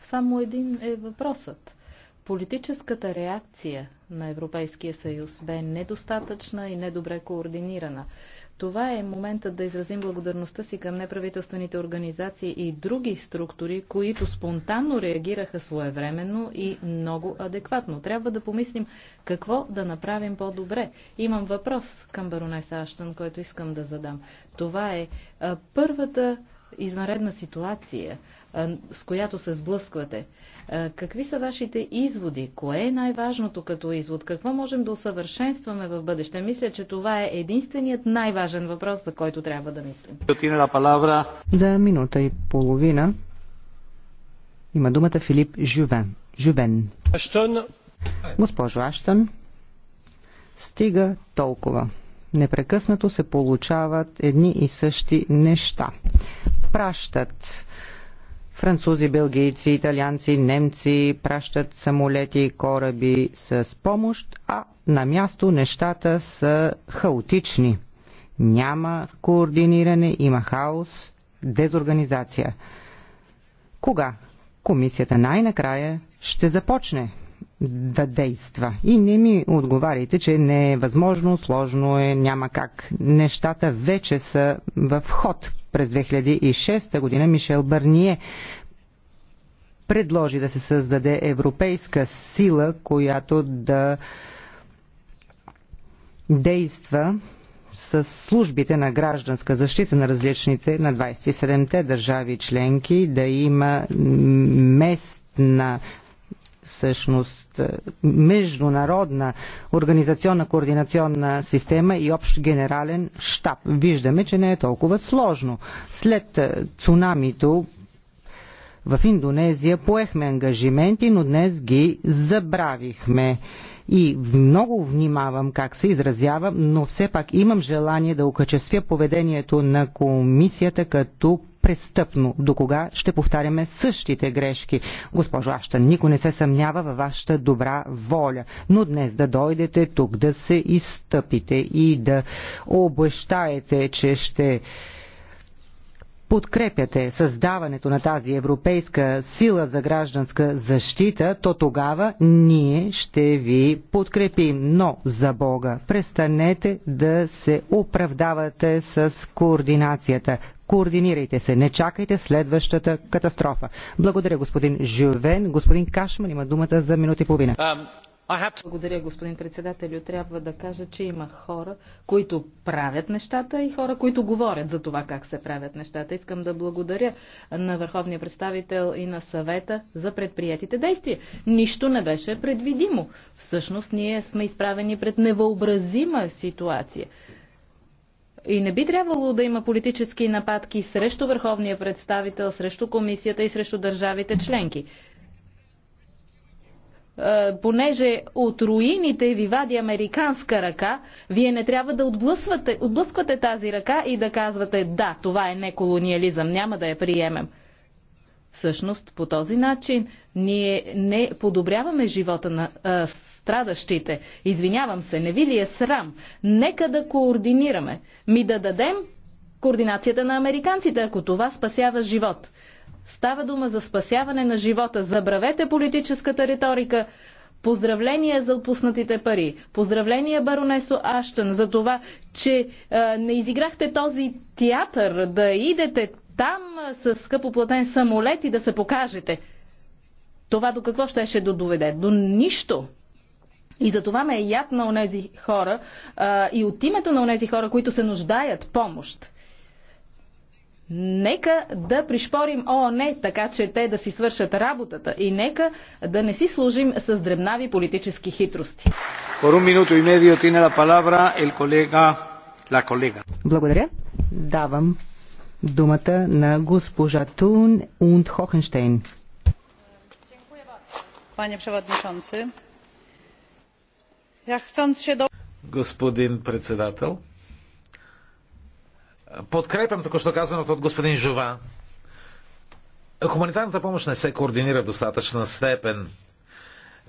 само един е въпросът. Политическата реакция на Европейския съюз бе недостатъчна и недобре координирана. Това е моментът да изразим благодарността си към неправителствените организации и други структури, които спонтанно реагираха своевременно и много адекватно. Трябва да помислим какво да направим по-добре. Имам въпрос към баронеса Аштън, който искам да задам. Това е а, първата извънредна ситуация, с която се сблъсквате. Какви са вашите изводи? Кое е най-важното като извод? Какво можем да усъвършенстваме в бъдеще? Мисля, че това е единственият най-важен въпрос, за който трябва да мислим. Да, минута и половина. Има думата Филип Жювен. Жювен. Аштън. Госпожо Аштън, стига толкова. Непрекъснато се получават едни и същи неща. Пращат Французи, белгийци, италианци, немци пращат самолети и кораби с помощ, а на място нещата са хаотични. Няма координиране, има хаос, дезорганизация. Кога комисията най-накрая ще започне да действа. И не ми отговаряйте, че не е възможно, сложно е, няма как. Нещата вече са в ход през 2006 година Мишел Барние предложи да се създаде европейска сила, която да действа с службите на гражданска защита на различните на 27-те държави членки, да има местна всъщност е, международна организационна координационна система и общ генерален штаб. Виждаме, че не е толкова сложно. След е, цунамито в Индонезия поехме ангажименти, но днес ги забравихме. И много внимавам как се изразявам, но все пак имам желание да окачествя поведението на комисията като престъпно. До кога ще повтаряме същите грешки? Госпожо Аща, никой не се съмнява във вашата добра воля, но днес да дойдете тук, да се изтъпите и да обещаете, че ще подкрепяте създаването на тази европейска сила за гражданска защита, то тогава ние ще ви подкрепим. Но, за Бога, престанете да се оправдавате с координацията. Координирайте се, не чакайте следващата катастрофа. Благодаря, господин Жювен. Господин Кашман има думата за минути и половина. Um, благодаря, господин председателю. Трябва да кажа, че има хора, които правят нещата и хора, които говорят за това как се правят нещата. Искам да благодаря на върховния представител и на съвета за предприятите действия. Нищо не беше предвидимо. Всъщност ние сме изправени пред невъобразима ситуация. И не би трябвало да има политически нападки срещу върховния представител, срещу комисията и срещу държавите членки. Е, понеже от руините ви вади американска ръка, вие не трябва да отблъсквате тази ръка и да казвате да, това е неколониализъм, няма да я приемем. Всъщност, по този начин ние не подобряваме живота на а, страдащите. Извинявам се, не ви ли е срам? Нека да координираме. Ми да дадем координацията на американците, ако това спасява живот. Става дума за спасяване на живота. Забравете политическата риторика. Поздравления за отпуснатите пари. Поздравления, баронесо Аштън, за това, че а, не изиграхте този театър да идете там с скъпоплатен самолет и да се покажете. Това до какво ще ще доведе? До нищо. И за това ме е яд на онези хора а, и от името на онези хора, които се нуждаят помощ. Нека да пришпорим ООН, така че те да си свършат работата и нека да не си служим с дребнави политически хитрости. Благодаря. Давам думата на госпожа Тун Унд Хохенштейн. Господин председател, подкрепям току-що казаното от господин Жова. Хуманитарната помощ не се координира в достатъчна степен.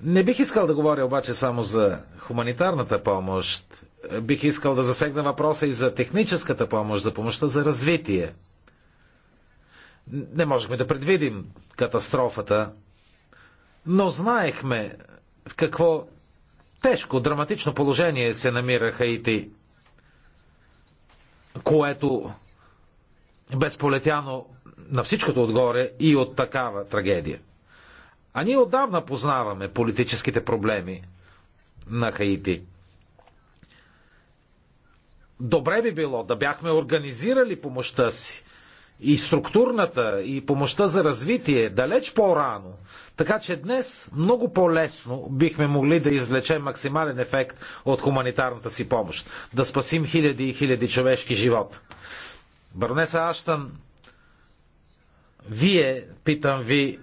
Не бих искал да говоря обаче само за хуманитарната помощ. Бих искал да засегна въпроса и за техническата помощ, за помощта за развитие. Не можехме да предвидим катастрофата, но знаехме в какво тежко, драматично положение се намира Хаити, което безполетяно на всичкото отгоре и от такава трагедия. А ние отдавна познаваме политическите проблеми на Хаити. Добре би било да бяхме организирали помощта си и структурната и помощта за развитие далеч по-рано. Така че днес много по-лесно бихме могли да извлечем максимален ефект от хуманитарната си помощ. Да спасим хиляди и хиляди човешки живот. Баронеса Аштан, вие, питам ви,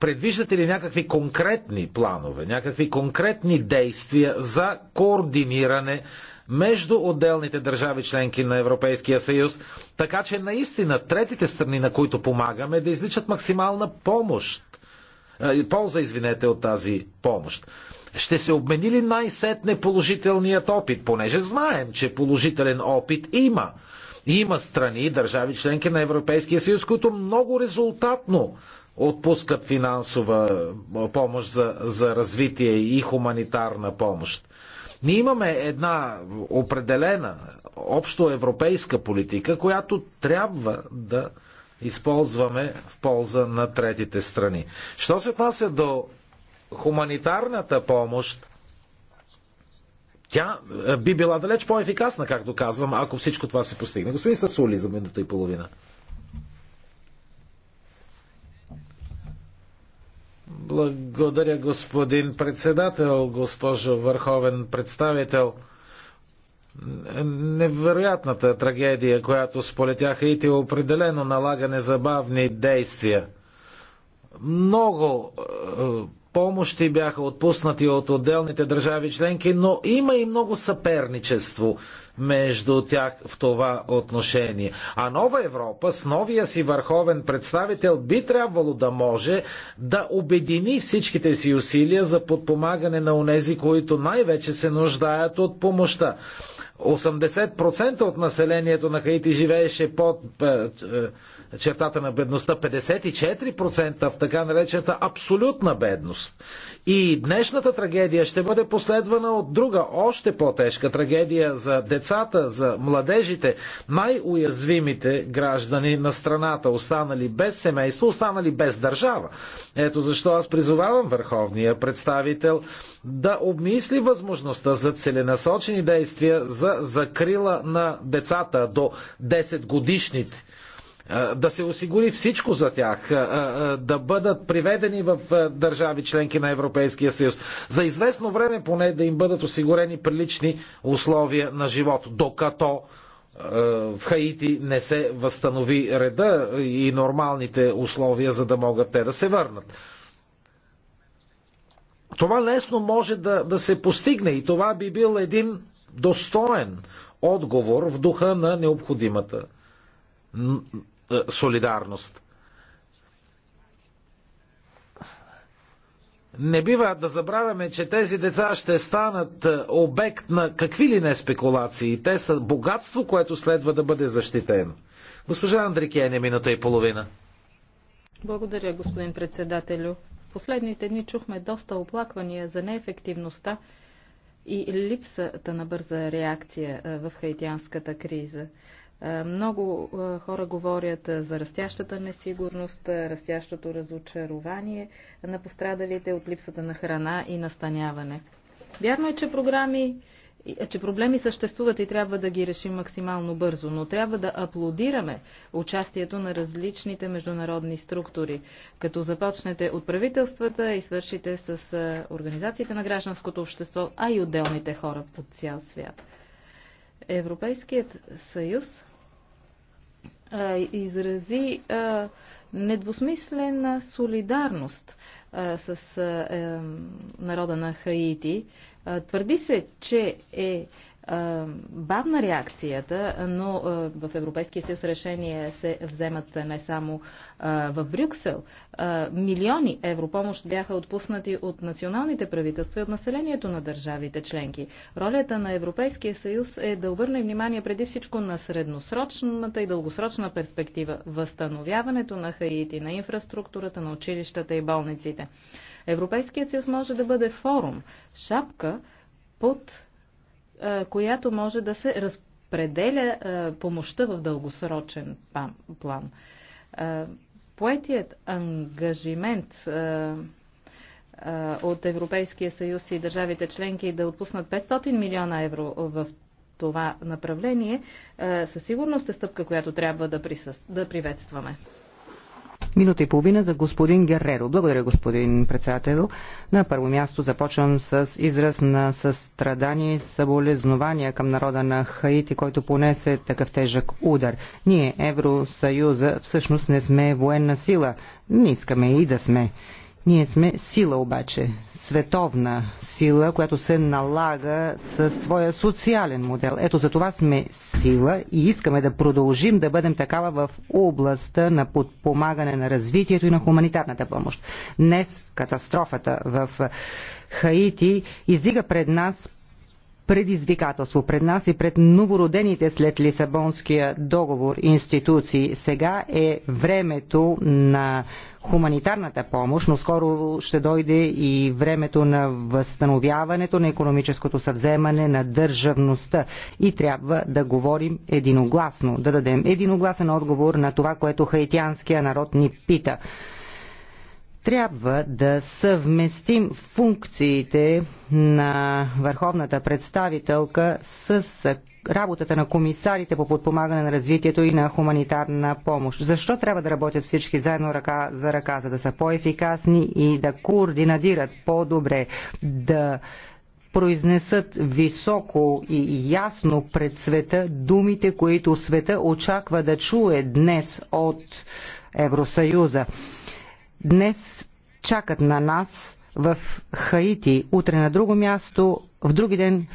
предвиждате ли някакви конкретни планове, някакви конкретни действия за координиране между отделните държави членки на Европейския съюз, така че наистина третите страни, на които помагаме, да изличат максимална помощ, е, полза, извинете, от тази помощ. Ще се обмени ли най-сетне положителният опит, понеже знаем, че положителен опит има. Има страни, държави членки на Европейския съюз, които много резултатно отпускат финансова помощ за, за развитие и хуманитарна помощ. Ние имаме една определена общоевропейска политика, която трябва да използваме в полза на третите страни. Що се отнася до хуманитарната помощ, тя е, би била далеч по-ефикасна, както казвам, ако всичко това се постигне. Господин Сасули, за минута и половина. Благодаря, господин председател, госпожо върховен представител. Невероятната трагедия, която сполетяха и Хаити, определено налага незабавни действия. Много помощи бяха отпуснати от отделните държави членки, но има и много съперничество между тях в това отношение. А Нова Европа с новия си върховен представител би трябвало да може да обедини всичките си усилия за подпомагане на онези, които най-вече се нуждаят от помощта. 80% от населението на Хаити живееше под е, е, чертата на бедността, 54% в така наречената абсолютна бедност. И днешната трагедия ще бъде последвана от друга, още по-тежка трагедия за децата, за младежите, най-уязвимите граждани на страната, останали без семейство, останали без държава. Ето защо аз призовавам върховния представител да обмисли възможността за целенасочени действия за закрила на децата до 10 годишните да се осигури всичко за тях, е, е, да бъдат приведени в е, държави членки на Европейския съюз. За известно време поне да им бъдат осигурени прилични условия на живот, докато в Хаити не се възстанови реда и нормалните условия, за да могат те да се върнат. Това лесно може да, да се постигне и това би бил един достоен отговор в духа на необходимата е, солидарност. Не бива да забравяме, че тези деца ще станат е, обект на какви ли не спекулации. Те са богатство, което следва да бъде защитено. Госпожа Андрикене, минута и половина. Благодаря, господин председателю последните дни чухме доста оплаквания за неефективността и липсата на бърза реакция в хаитянската криза. Много хора говорят за растящата несигурност, растящото разочарование на пострадалите от липсата на храна и настаняване. Вярно е, че програми е, че проблеми съществуват и трябва да ги решим максимално бързо, но трябва да аплодираме участието на различните международни структури, като започнете от правителствата и свършите с е, организациите на гражданското общество, а и отделните хора по цял свят. Европейският съюз а, е, изрази а, недвусмислена солидарност а, с а, народа на Хаити Твърди се, че е бавна реакцията, но в Европейския съюз решения се вземат не само в Брюксел. Милиони европомощ бяха отпуснати от националните правителства и от населението на държавите членки. Ролята на Европейския съюз е да обърне внимание преди всичко на средносрочната и дългосрочна перспектива, възстановяването на Хаити, на инфраструктурата, на училищата и болниците. Европейският съюз може да бъде форум, шапка под която може да се разпределя помощта в дългосрочен план. Поетият ангажимент от Европейския съюз и държавите членки да отпуснат 500 милиона евро в това направление, със сигурност е стъпка, която трябва да, присъ... да приветстваме. Минута и половина за господин Герреро. Благодаря, господин председател. На първо място започвам с израз на състрадание и съболезнования към народа на Хаити, който понесе такъв тежък удар. Ние, Евросъюза, всъщност не сме военна сила. Не искаме и да сме. Ние сме сила обаче, световна сила, която се налага със своя социален модел. Ето за това сме сила и искаме да продължим да бъдем такава в областта на подпомагане на развитието и на хуманитарната помощ. Днес катастрофата в Хаити издига пред нас предизвикателство пред нас и пред новородените след Лисабонския договор институции. Сега е времето на хуманитарната помощ, но скоро ще дойде и времето на възстановяването на економическото съвземане на държавността. И трябва да говорим единогласно, да дадем единогласен отговор на това, което хаитянския народ ни пита трябва да съвместим функциите на върховната представителка с работата на комисарите по подпомагане на развитието и на хуманитарна помощ. Защо трябва да работят всички заедно ръка за ръка, за да са по-ефикасни и да координадират по-добре, да произнесат високо и ясно пред света думите, които света очаква да чуе днес от Евросъюза днес чакат на нас в Хаити, утре на друго място, в други ден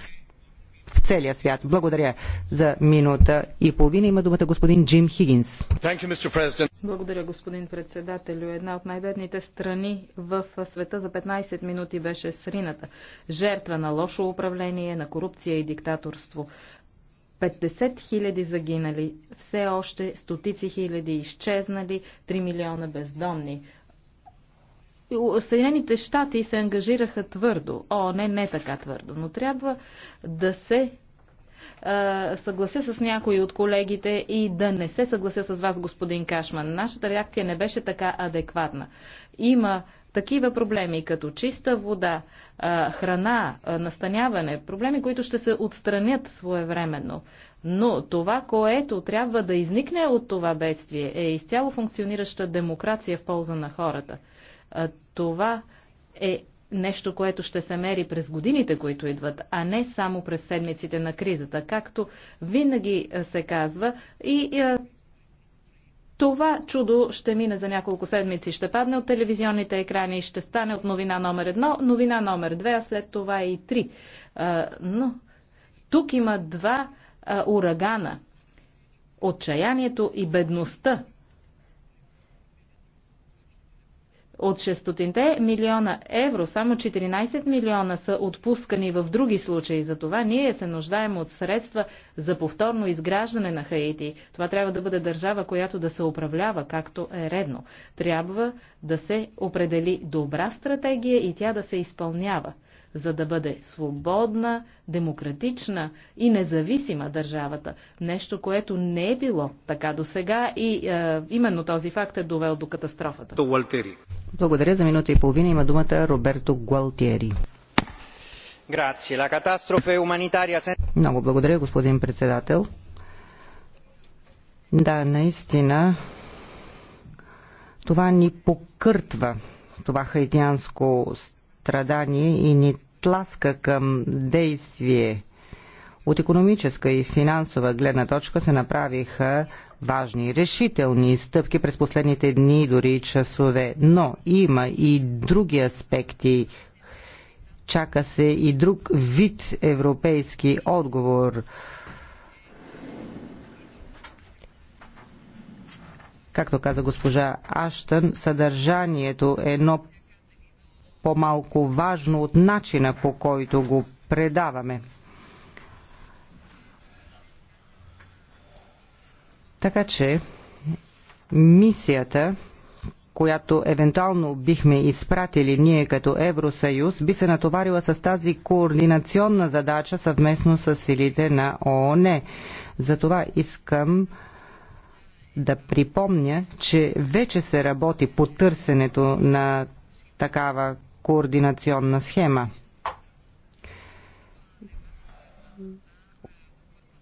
в целия свят. Благодаря за минута и половина. Има думата господин Джим Хигинс. Благодаря, господин председателю. Една от най-бедните страни в света за 15 минути беше Срината. Жертва на лошо управление, на корупция и диктаторство. 50 хиляди загинали, все още стотици хиляди изчезнали, 3 милиона бездомни. Съединените щати се ангажираха твърдо. О, не, не така твърдо, но трябва да се съглася с някои от колегите и да не се съглася с вас, господин Кашман. Нашата реакция не беше така адекватна. Има такива проблеми като чиста вода, храна, настаняване, проблеми, които ще се отстранят своевременно. Но това, което трябва да изникне от това бедствие, е изцяло функционираща демокрация в полза на хората. Това е нещо, което ще се мери през годините, които идват, а не само през седмиците на кризата, както винаги се казва. И това чудо ще мине за няколко седмици, ще падне от телевизионните екрани и ще стане от новина номер едно, новина номер две, а след това и три. Но тук има два урагана. Отчаянието и бедността От 600 милиона евро, само 14 милиона са отпускани в други случаи. За това ние се нуждаем от средства за повторно изграждане на Хаити. Това трябва да бъде държава, която да се управлява както е редно. Трябва да се определи добра стратегия и тя да се изпълнява за да бъде свободна, демократична и независима държавата. Нещо, което не е било така до сега и е, именно този факт е довел до катастрофата. Благодаря за минута и половина. Има думата Роберто Гуалтиери. Много благодаря, господин председател. Да, наистина, това ни покъртва това хаитянско страдание и ни тласка към действие. От економическа и финансова гледна точка се направиха важни, решителни стъпки през последните дни и дори часове, но има и други аспекти. Чака се и друг вид европейски отговор. Както каза госпожа Аштън, съдържанието е едно по-малко важно от начина по който го предаваме. Така че мисията, която евентуално бихме изпратили ние като Евросъюз, би се натоварила с тази координационна задача съвместно с силите на ООН. Затова искам да припомня, че вече се работи по търсенето на такава координационна схема.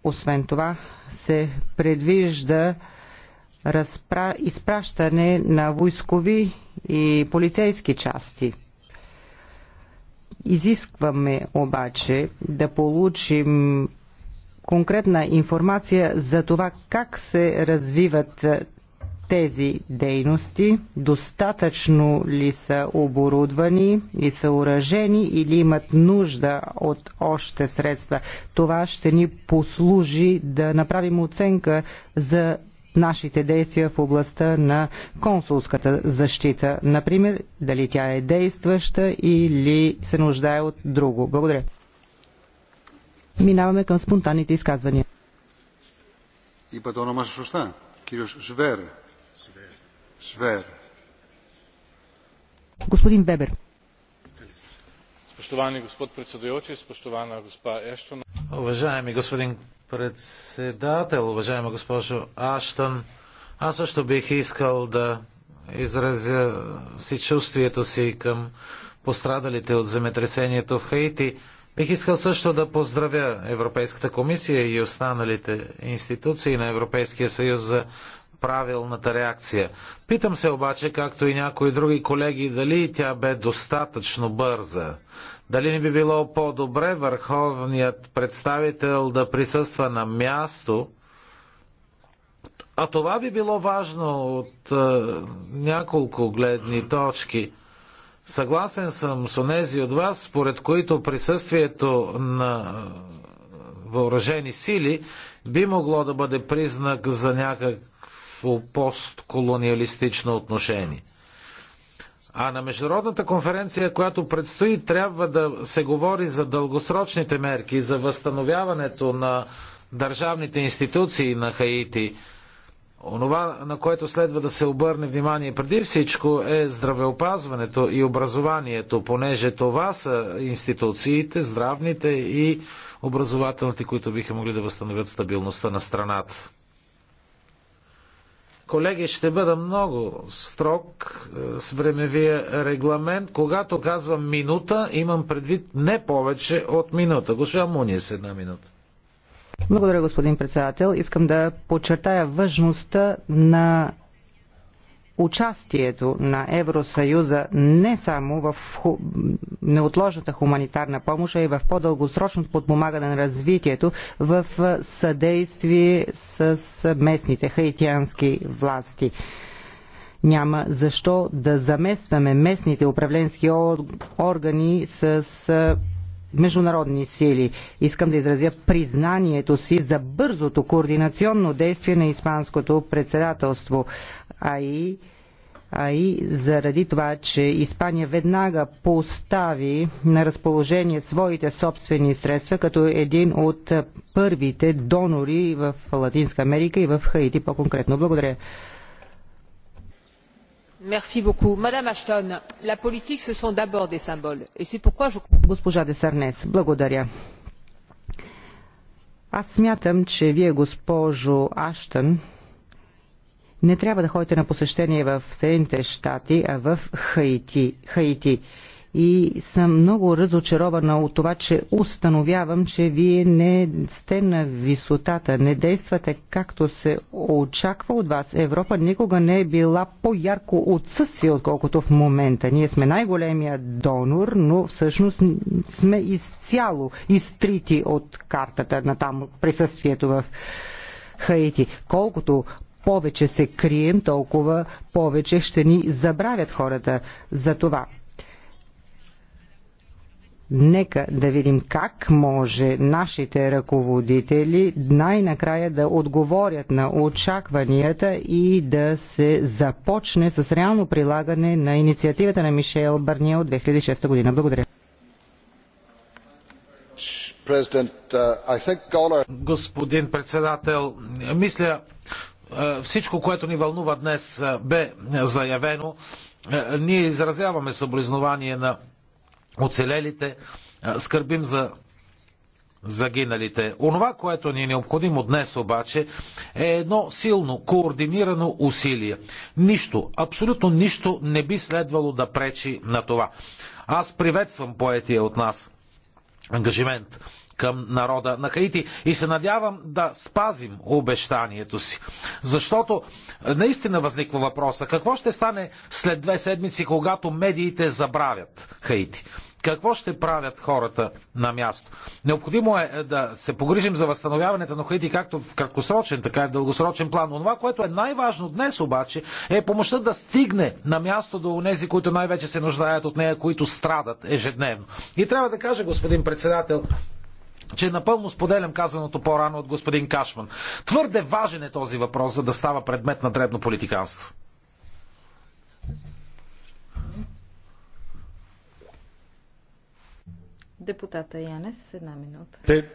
Освен това се предвижда разпра... изпращане на войскови и полицейски части. Изискваме обаче да получим конкретна информация за това как се развиват тези дейности достатъчно ли са оборудвани и съоръжени или имат нужда от още средства. Това ще ни послужи да направим оценка за нашите действия в областта на консулската защита. Например, дали тя е действаща или се нуждае от друго. Благодаря. Минаваме към спонтанните изказвания. Είπα το όνομά σας σωστά, κύριος Σβέρ. Свер. Господин Spoštovani gospod predsedujoči, spoštovana gospa Ashton. Уважаеми господин председател, уважаема госпожо Аштън, аз също бих искал да изразя съчувствието си към пострадалите от земетресението в Хаити. Бих искал също да поздравя Европейската комисия и останалите институции на Европейския съюз за правилната реакция. Питам се обаче, както и някои други колеги, дали тя бе достатъчно бърза. Дали не би било по-добре върховният представител да присъства на място, а това би било важно от е, няколко гледни точки. Съгласен съм с онези от вас, според които присъствието на е, въоръжени сили би могло да бъде признак за някакъв постколониалистично отношение. А на международната конференция, която предстои, трябва да се говори за дългосрочните мерки, за възстановяването на държавните институции на Хаити. Онова, на което следва да се обърне внимание преди всичко, е здравеопазването и образованието, понеже това са институциите, здравните и образователните, които биха могли да възстановят стабилността на страната. Колеги, ще бъда много строг е, с времевия регламент. Когато казвам минута, имам предвид не повече от минута. Госпожа с една минута. Благодаря, господин председател. Искам да подчертая важността на участието на Евросъюза не само в ху... неотложната хуманитарна помощ, а и в по-дългосрочно подпомагане на развитието в съдействие с местните хаитянски власти. Няма защо да заместваме местните управленски органи с международни сили. Искам да изразя признанието си за бързото координационно действие на Испанското председателство а и а и заради това, че Испания веднага постави на разположение своите собствени средства като един от първите донори в Латинска Америка и в Хаити по-конкретно. Благодаря. Merci beaucoup. Madame Ashton, la politique ce sont d'abord des symboles. Et c'est pourquoi je... Госпожа Десарнес, благодаря. Аз смятам, че вие, госпожо Аштън, не трябва да ходите на посещение в Съединените щати, а в Хаити. Хаити и съм много разочарована от това, че установявам, че вие не сте на висотата, не действате както се очаква от вас. Европа никога не е била по-ярко отсъствие, отколкото в момента. Ние сме най-големия донор, но всъщност сме изцяло изтрити от картата на там присъствието в Хаити. Колкото повече се крием, толкова повече ще ни забравят хората за това. Нека да видим как може нашите ръководители най-накрая да отговорят на очакванията и да се започне с реално прилагане на инициативата на Мишел Барния от 2006 година. Благодаря. Uh, Господин председател, мисля, е, всичко, което ни вълнува днес, е, бе е, заявено. Ние изразяваме съблизнование на оцелелите, скърбим за загиналите. Онова, което ни е необходимо днес обаче, е едно силно, координирано усилие. Нищо, абсолютно нищо не би следвало да пречи на това. Аз приветствам поетия от нас ангажимент към народа на Хаити. И се надявам да спазим обещанието си. Защото е, наистина възниква въпроса какво ще стане след две седмици, когато медиите забравят Хаити. Какво ще правят хората на място? Необходимо е, е да се погрижим за възстановяването на Хаити както в краткосрочен, така и в дългосрочен план. Но това, което е най-важно днес обаче, е помощта да стигне на място до тези, които най-вече се нуждаят от нея, които страдат ежедневно. И трябва да кажа, господин председател, че напълно споделям казаното по-рано от господин Кашман. Твърде важен е този въпрос, за да става предмет на дребно политиканство. Депутата Янес, една минута. Те...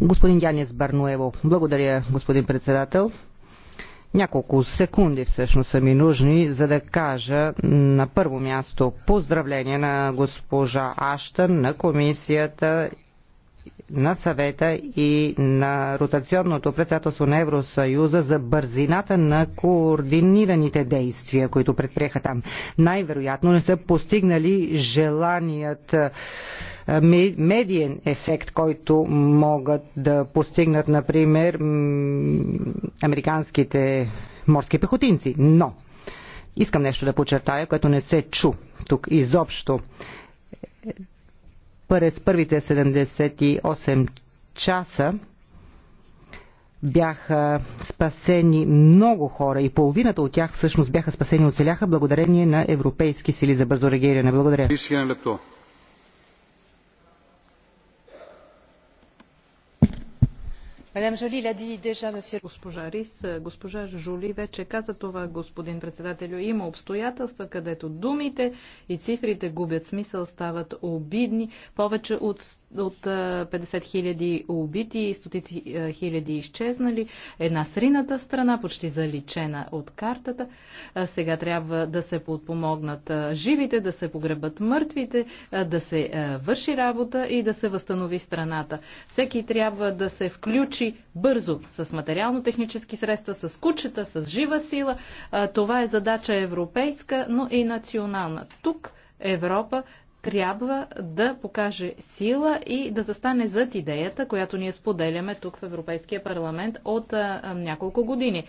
Господин Янес Барнуево, благодаря, господин председател. Няколко секунди всъщност са ми нужни, за да кажа на първо място поздравление на госпожа Аштън, на комисията на съвета и на ротационното председателство на Евросъюза за бързината на координираните действия, които предприеха там. Най-вероятно не са постигнали желаният медиен ефект, който могат да постигнат, например, американските морски пехотинци. Но искам нещо да подчертая, което не се чу тук изобщо през първите 78 часа бяха спасени много хора и половината от тях всъщност бяха спасени и оцеляха благодарение на европейски сили за бързо реагиране. Благодаря. Госпожа Рис, е, госпожа Жули вече каза това, господин председателю. Има обстоятелства, където думите и цифрите губят смисъл, стават обидни. Повече от от 50 хиляди убити и стотици хиляди изчезнали. Една срината страна, почти заличена от картата. Сега трябва да се подпомогнат живите, да се погребат мъртвите, да се върши работа и да се възстанови страната. Всеки трябва да се включи бързо с материално-технически средства, с кучета, с жива сила. Това е задача европейска, но и национална. Тук Европа трябва да покаже сила и да застане зад идеята, която ние споделяме тук в Европейския парламент от а, няколко години.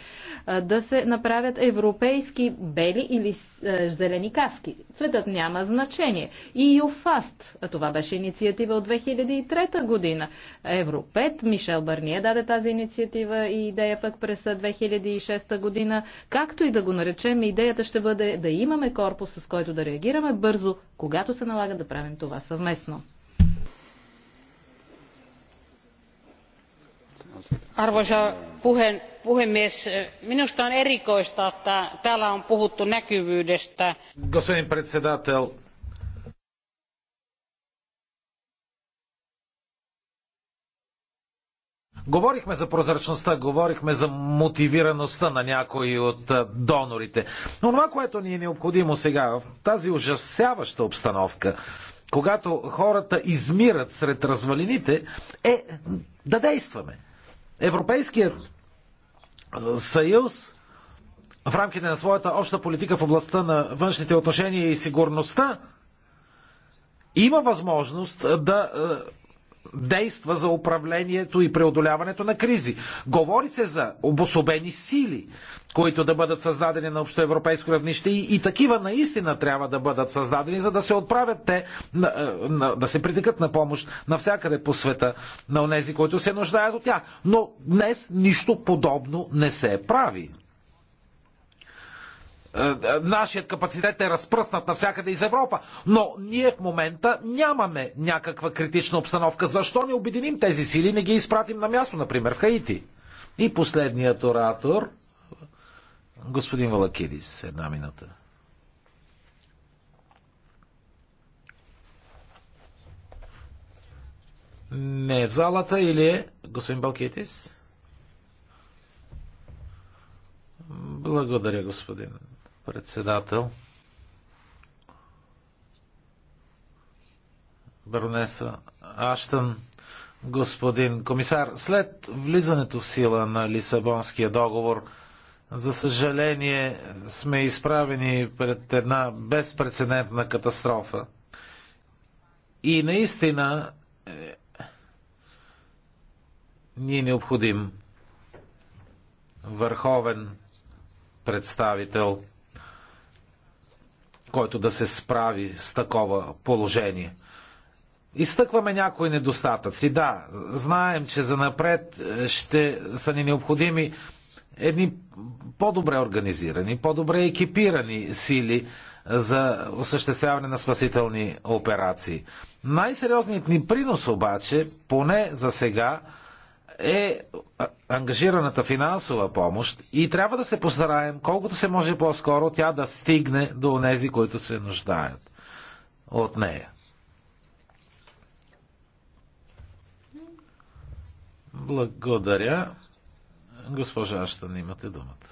А, да се направят европейски бели или а, зелени каски. Цветът няма значение. И e Юфаст, това беше инициатива от 2003 година. Европет, Мишел Барния даде тази инициатива и идея пък през 2006 година. Както и да го наречем, идеята ще бъде да имаме корпус, с който да реагираме бързо, когато се налага налага да правим това съвместно. arvoisa puhemies minusta on erikoista että täällä on puhuttu näkyvyydestä. господин председател Говорихме за прозрачността, говорихме за мотивираността на някои от донорите. Но това, което ни е необходимо сега в тази ужасяваща обстановка, когато хората измират сред развалините, е да действаме. Европейският съюз в рамките на своята обща политика в областта на външните отношения и сигурността има възможност да действа за управлението и преодоляването на кризи. Говори се за обособени сили, които да бъдат създадени на общоевропейско равнище и, и такива наистина трябва да бъдат създадени, за да се отправят те, на, е, на, да се притекат на помощ навсякъде по света на онези, които се нуждаят от тях. Но днес нищо подобно не се прави. Е, е, нашият капацитет е разпръснат навсякъде из Европа, но ние в момента нямаме някаква критична обстановка. Защо не обединим тези сили, и не ги изпратим на място, например в Хаити? И последният оратор, господин Валакидис, една минута. Не е в залата или е господин Балкетис? Благодаря, господин председател. Баронеса Аштън, господин комисар, след влизането в сила на Лисабонския договор, за съжаление сме изправени пред една безпредседентна катастрофа. И наистина е, ни е необходим върховен представител който да се справи с такова положение. Изтъкваме някои недостатъци. Да, знаем, че за напред е, ще са ни необходими едни по-добре организирани, по-добре екипирани сили е, за осъществяване на спасителни операции. Най-сериозният ни принос обаче, поне за сега, е ангажираната финансова помощ и трябва да се постараем, колкото се може по-скоро, тя да стигне до онези, които се нуждаят от нея. Благодаря. Госпожа Аштан, имате думата.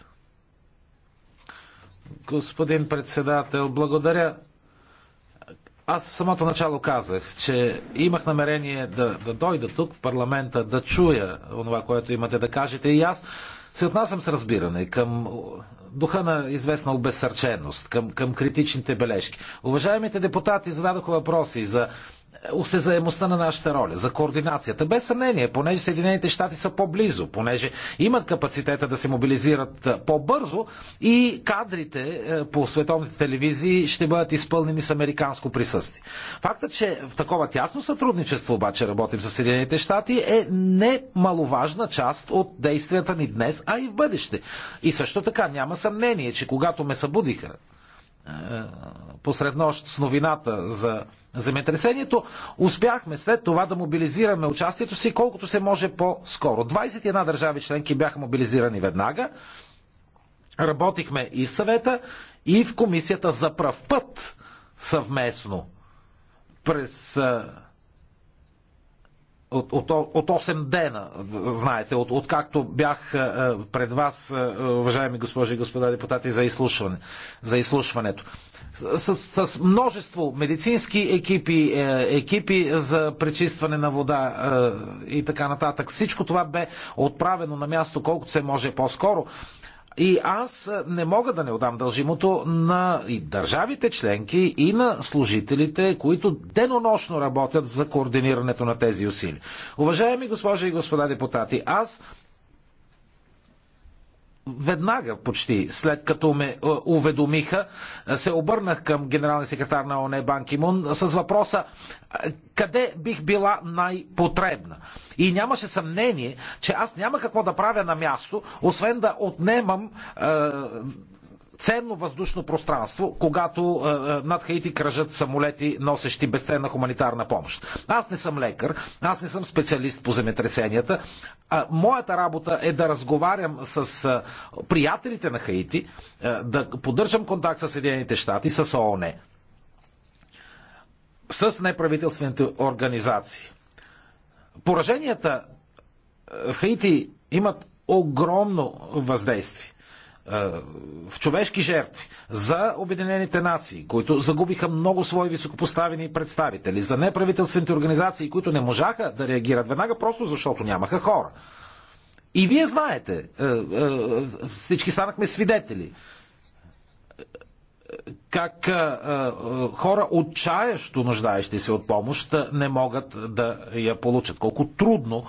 Господин председател, благодаря аз в самото начало казах, че имах намерение да, да дойда тук в парламента, да чуя това, което имате да кажете и аз се отнасям с разбиране към духа на известна обезсърченост, към, към критичните бележки. Уважаемите депутати зададоха въпроси за осезаемостта на нашата роля, за координацията. Без съмнение, понеже Съединените щати са по-близо, понеже имат капацитета да се мобилизират по-бързо и кадрите по световните телевизии ще бъдат изпълнени с американско присъствие. Факта, че в такова тясно сътрудничество обаче работим с Съединените щати е немаловажна част от действията ни днес, а и в бъдеще. И също така няма съмнение, че когато ме събудиха посред нощ с новината за земетресението, успяхме след това да мобилизираме участието си колкото се може по-скоро. 21 държави членки бяха мобилизирани веднага. Работихме и в съвета, и в комисията за прав път съвместно през от, от, от 8 дена, знаете, от, откакто бях е, пред вас, е, уважаеми госпожи и господа депутати, за, изслушване, за изслушването. С, с, с множество медицински екипи, е, екипи за пречистване на вода и така нататък. Всичко това бе отправено на място колкото се може по-скоро. И аз не мога да не отдам дължимото на и държавите членки, и на служителите, които денонощно работят за координирането на тези усилия. Уважаеми госпожи и господа депутати, аз веднага почти, след като ме е, уведомиха, се обърнах към генералния секретар на ОНЕ Бан Кимун с въпроса е, къде бих била най-потребна. И нямаше съмнение, че аз няма какво да правя на място, освен да отнемам е, ценно въздушно пространство, когато е, е, над Хаити кръжат самолети, носещи безценна хуманитарна помощ. Аз не съм лекар, аз не съм специалист по земетресенията. А, моята работа е да разговарям с а, е, приятелите на Хаити, а, е, да поддържам контакт с Съединените щати, с ООН, с неправителствените организации. Пораженията в Хаити имат огромно въздействие. Е, в човешки жертви за Обединените нации, които загубиха много свои високопоставени представители, за неправителствените организации, които не можаха да реагират веднага, просто защото нямаха хора. И вие знаете, е, е, всички станахме свидетели, как хора, отчаящо нуждаещи се от помощ, не могат да я получат. Колко трудно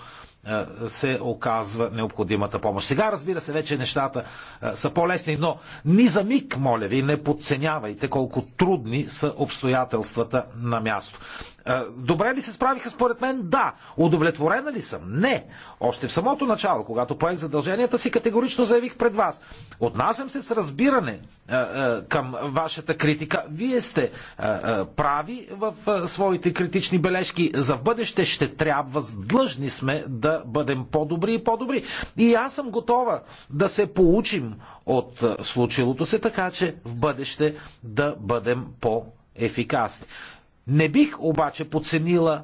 е, се оказва необходимата помощ. Сега, разбира се, вече нещата е, са по-лесни, но ни за миг, моля ви, не подценявайте колко трудни са обстоятелствата на място. Е, добре ли се справиха според мен? Да. Удовлетворена ли съм? Не. Още в самото начало, когато поех задълженията си, категорично заявих пред вас. Отнасям се с разбиране е, е, към вашата критика. Вие сте прави в своите критични бележки. За бъдеще ще трябва, длъжни сме да бъдем по-добри и по-добри. И аз съм готова да се получим от случилото се, така че в бъдеще да бъдем по-добри ефикасни. Не бих обаче подценила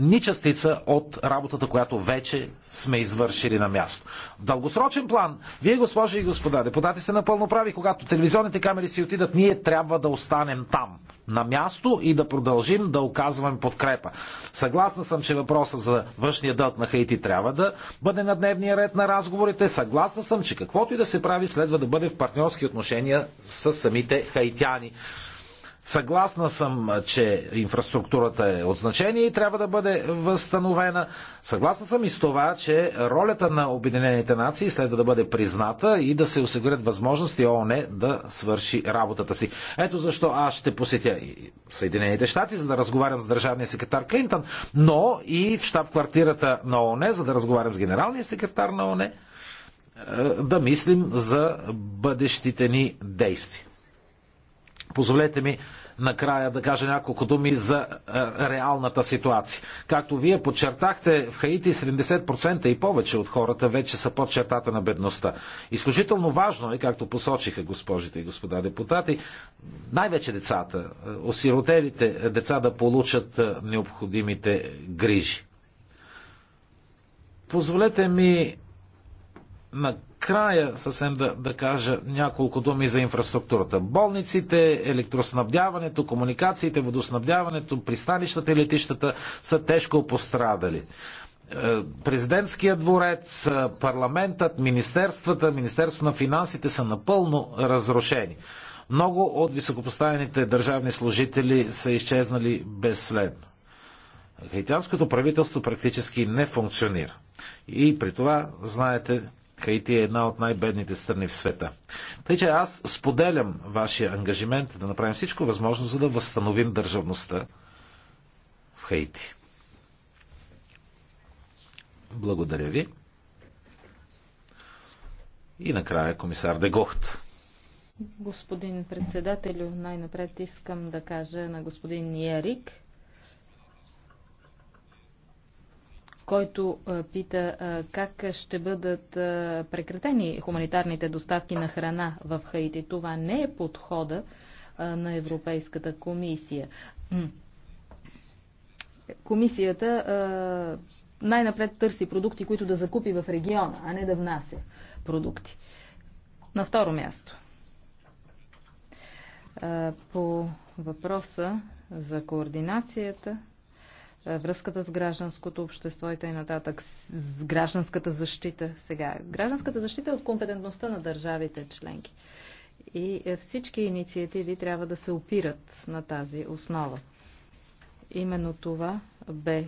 ни частица от работата, която вече сме извършили на място. В дългосрочен план, вие, госпожи и господа, депутати се напълно прави, когато телевизионните камери си отидат, ние трябва да останем там, на място и да продължим да оказваме подкрепа. Съгласна съм, че въпросът за външния дълг на Хаити трябва да бъде на дневния ред на разговорите. Съгласна съм, че каквото и да се прави, следва да бъде в партньорски отношения с самите хаитяни. Съгласна съм, че инфраструктурата е от значение и трябва да бъде възстановена. Съгласна съм и с това, че ролята на Обединените нации следва да бъде призната и да се осигурят възможности ООН да свърши работата си. Ето защо аз ще посетя и Съединените щати, за да разговарям с държавния секретар Клинтон, но и в щаб-квартирата на ООН, за да разговарям с генералния секретар на ООН, да мислим за бъдещите ни действия. Позволете ми накрая да кажа няколко думи за е, реалната ситуация. Както вие подчертахте, в Хаити 70% и повече от хората вече са под чертата на бедността. Изключително важно е, както посочиха госпожите и господа депутати, най-вече децата, е, осиротелите е, деца да получат необходимите грижи. Позволете ми на накрая съвсем да, да кажа няколко думи за инфраструктурата. Болниците, електроснабдяването, комуникациите, водоснабдяването, пристанищата и летищата са тежко пострадали. Е, президентският дворец, е, парламентът, министерствата, Министерството на финансите са напълно разрушени. Много от високопоставените държавни служители са изчезнали безследно. Хаитянското правителство практически не функционира. И при това, знаете, Хаити е една от най-бедните страни в света. Тъй, че аз споделям вашия ангажимент да направим всичко възможно, за да възстановим държавността в Хаити. Благодаря ви. И накрая комисар Дегохт. Господин председателю, най-напред искам да кажа на господин Ярик, който пита как ще бъдат прекратени хуманитарните доставки на храна в Хаити. Това не е подхода на Европейската комисия. Комисията най-напред търси продукти, които да закупи в региона, а не да внася продукти. На второ място. По въпроса за координацията е, връзката с гражданското общество и т.н. с гражданската защита сега. Гражданската защита е от компетентността на държавите членки. И е, всички инициативи трябва да се опират на тази основа. Именно това бе е,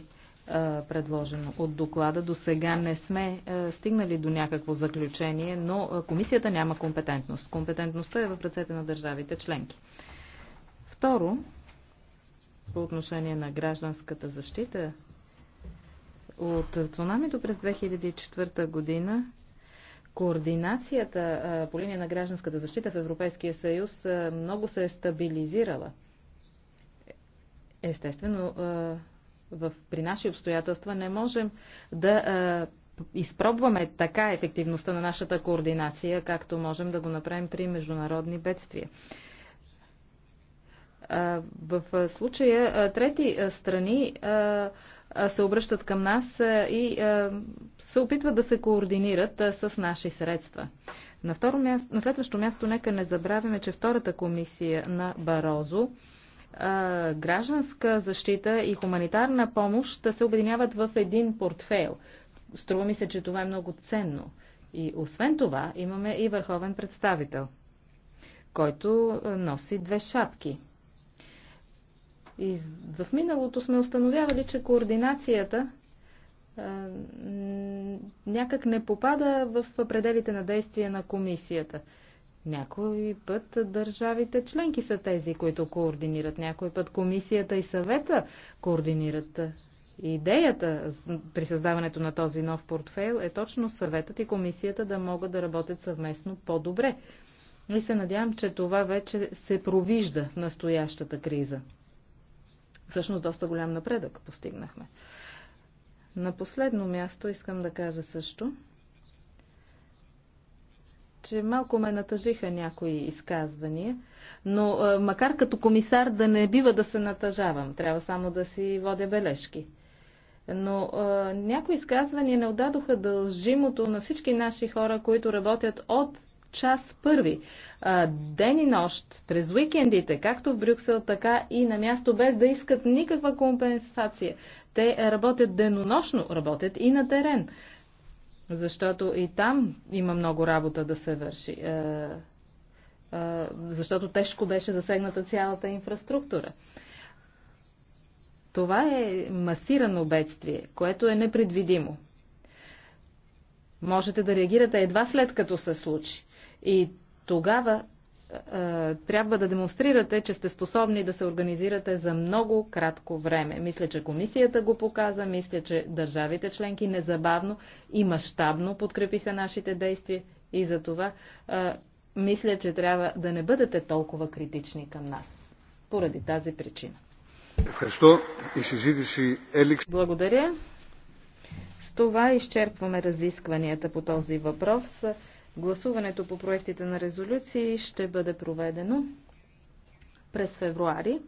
предложено от доклада. До сега не сме стигнали до някакво заключение, но комисията няма компетентност. Компетентността е в ръцете на държавите членки. Второ, по отношение на гражданската защита. От цунамито през 2004 година координацията по линия на гражданската защита в Европейския съюз много се е стабилизирала. Естествено, в, при наши обстоятелства не можем да а, изпробваме така ефективността на нашата координация, както можем да го направим при международни бедствия. В случая трети страни се обръщат към нас и се опитват да се координират с наши средства. На, второ място, на следващо място нека не забравяме, че втората комисия на Барозо гражданска защита и хуманитарна помощ да се объединяват в един портфейл. Струва ми се, че това е много ценно. И освен това имаме и върховен представител, който носи две шапки – и в миналото сме установявали, че координацията някак не попада в пределите на действие на комисията. Някой път държавите членки са тези, които координират. Някой път комисията и съвета координират. Идеята при създаването на този нов портфейл е точно съветът и комисията да могат да работят съвместно по-добре. И се надявам, че това вече се провижда в настоящата криза. Всъщност доста голям напредък постигнахме. На последно място искам да кажа също, че малко ме натъжиха някои изказвания, но е, макар като комисар да не бива да се натъжавам, трябва само да си водя бележки. Но а, е, някои изказвания не отдадоха дължимото на всички наши хора, които работят от час първи. Ден и нощ, през уикендите, както в Брюксел, така и на място, без да искат никаква компенсация. Те работят денонощно, работят и на терен, защото и там има много работа да се върши. Защото тежко беше засегната цялата инфраструктура. Това е масирано бедствие, което е непредвидимо. Можете да реагирате едва след като се случи. И тогава е, е, трябва да демонстрирате, че сте способни да се организирате за много кратко време. Мисля, че комисията го показа, мисля, че държавите членки незабавно и мащабно подкрепиха нашите действия и за това е, мисля, че трябва да не бъдете толкова критични към нас. Поради тази причина. Благодаря. С това изчерпваме разискванията по този въпрос. Гласуването по проектите на резолюции ще бъде проведено през февруари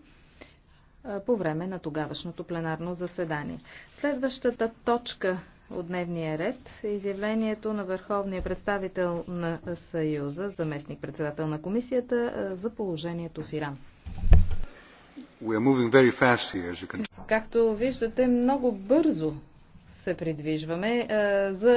по време на тогавашното пленарно заседание. Следващата точка от дневния ред е изявлението на върховния представител на Съюза, заместник председател на комисията, за положението в Иран. Here, can... Както виждате, много бързо се придвижваме за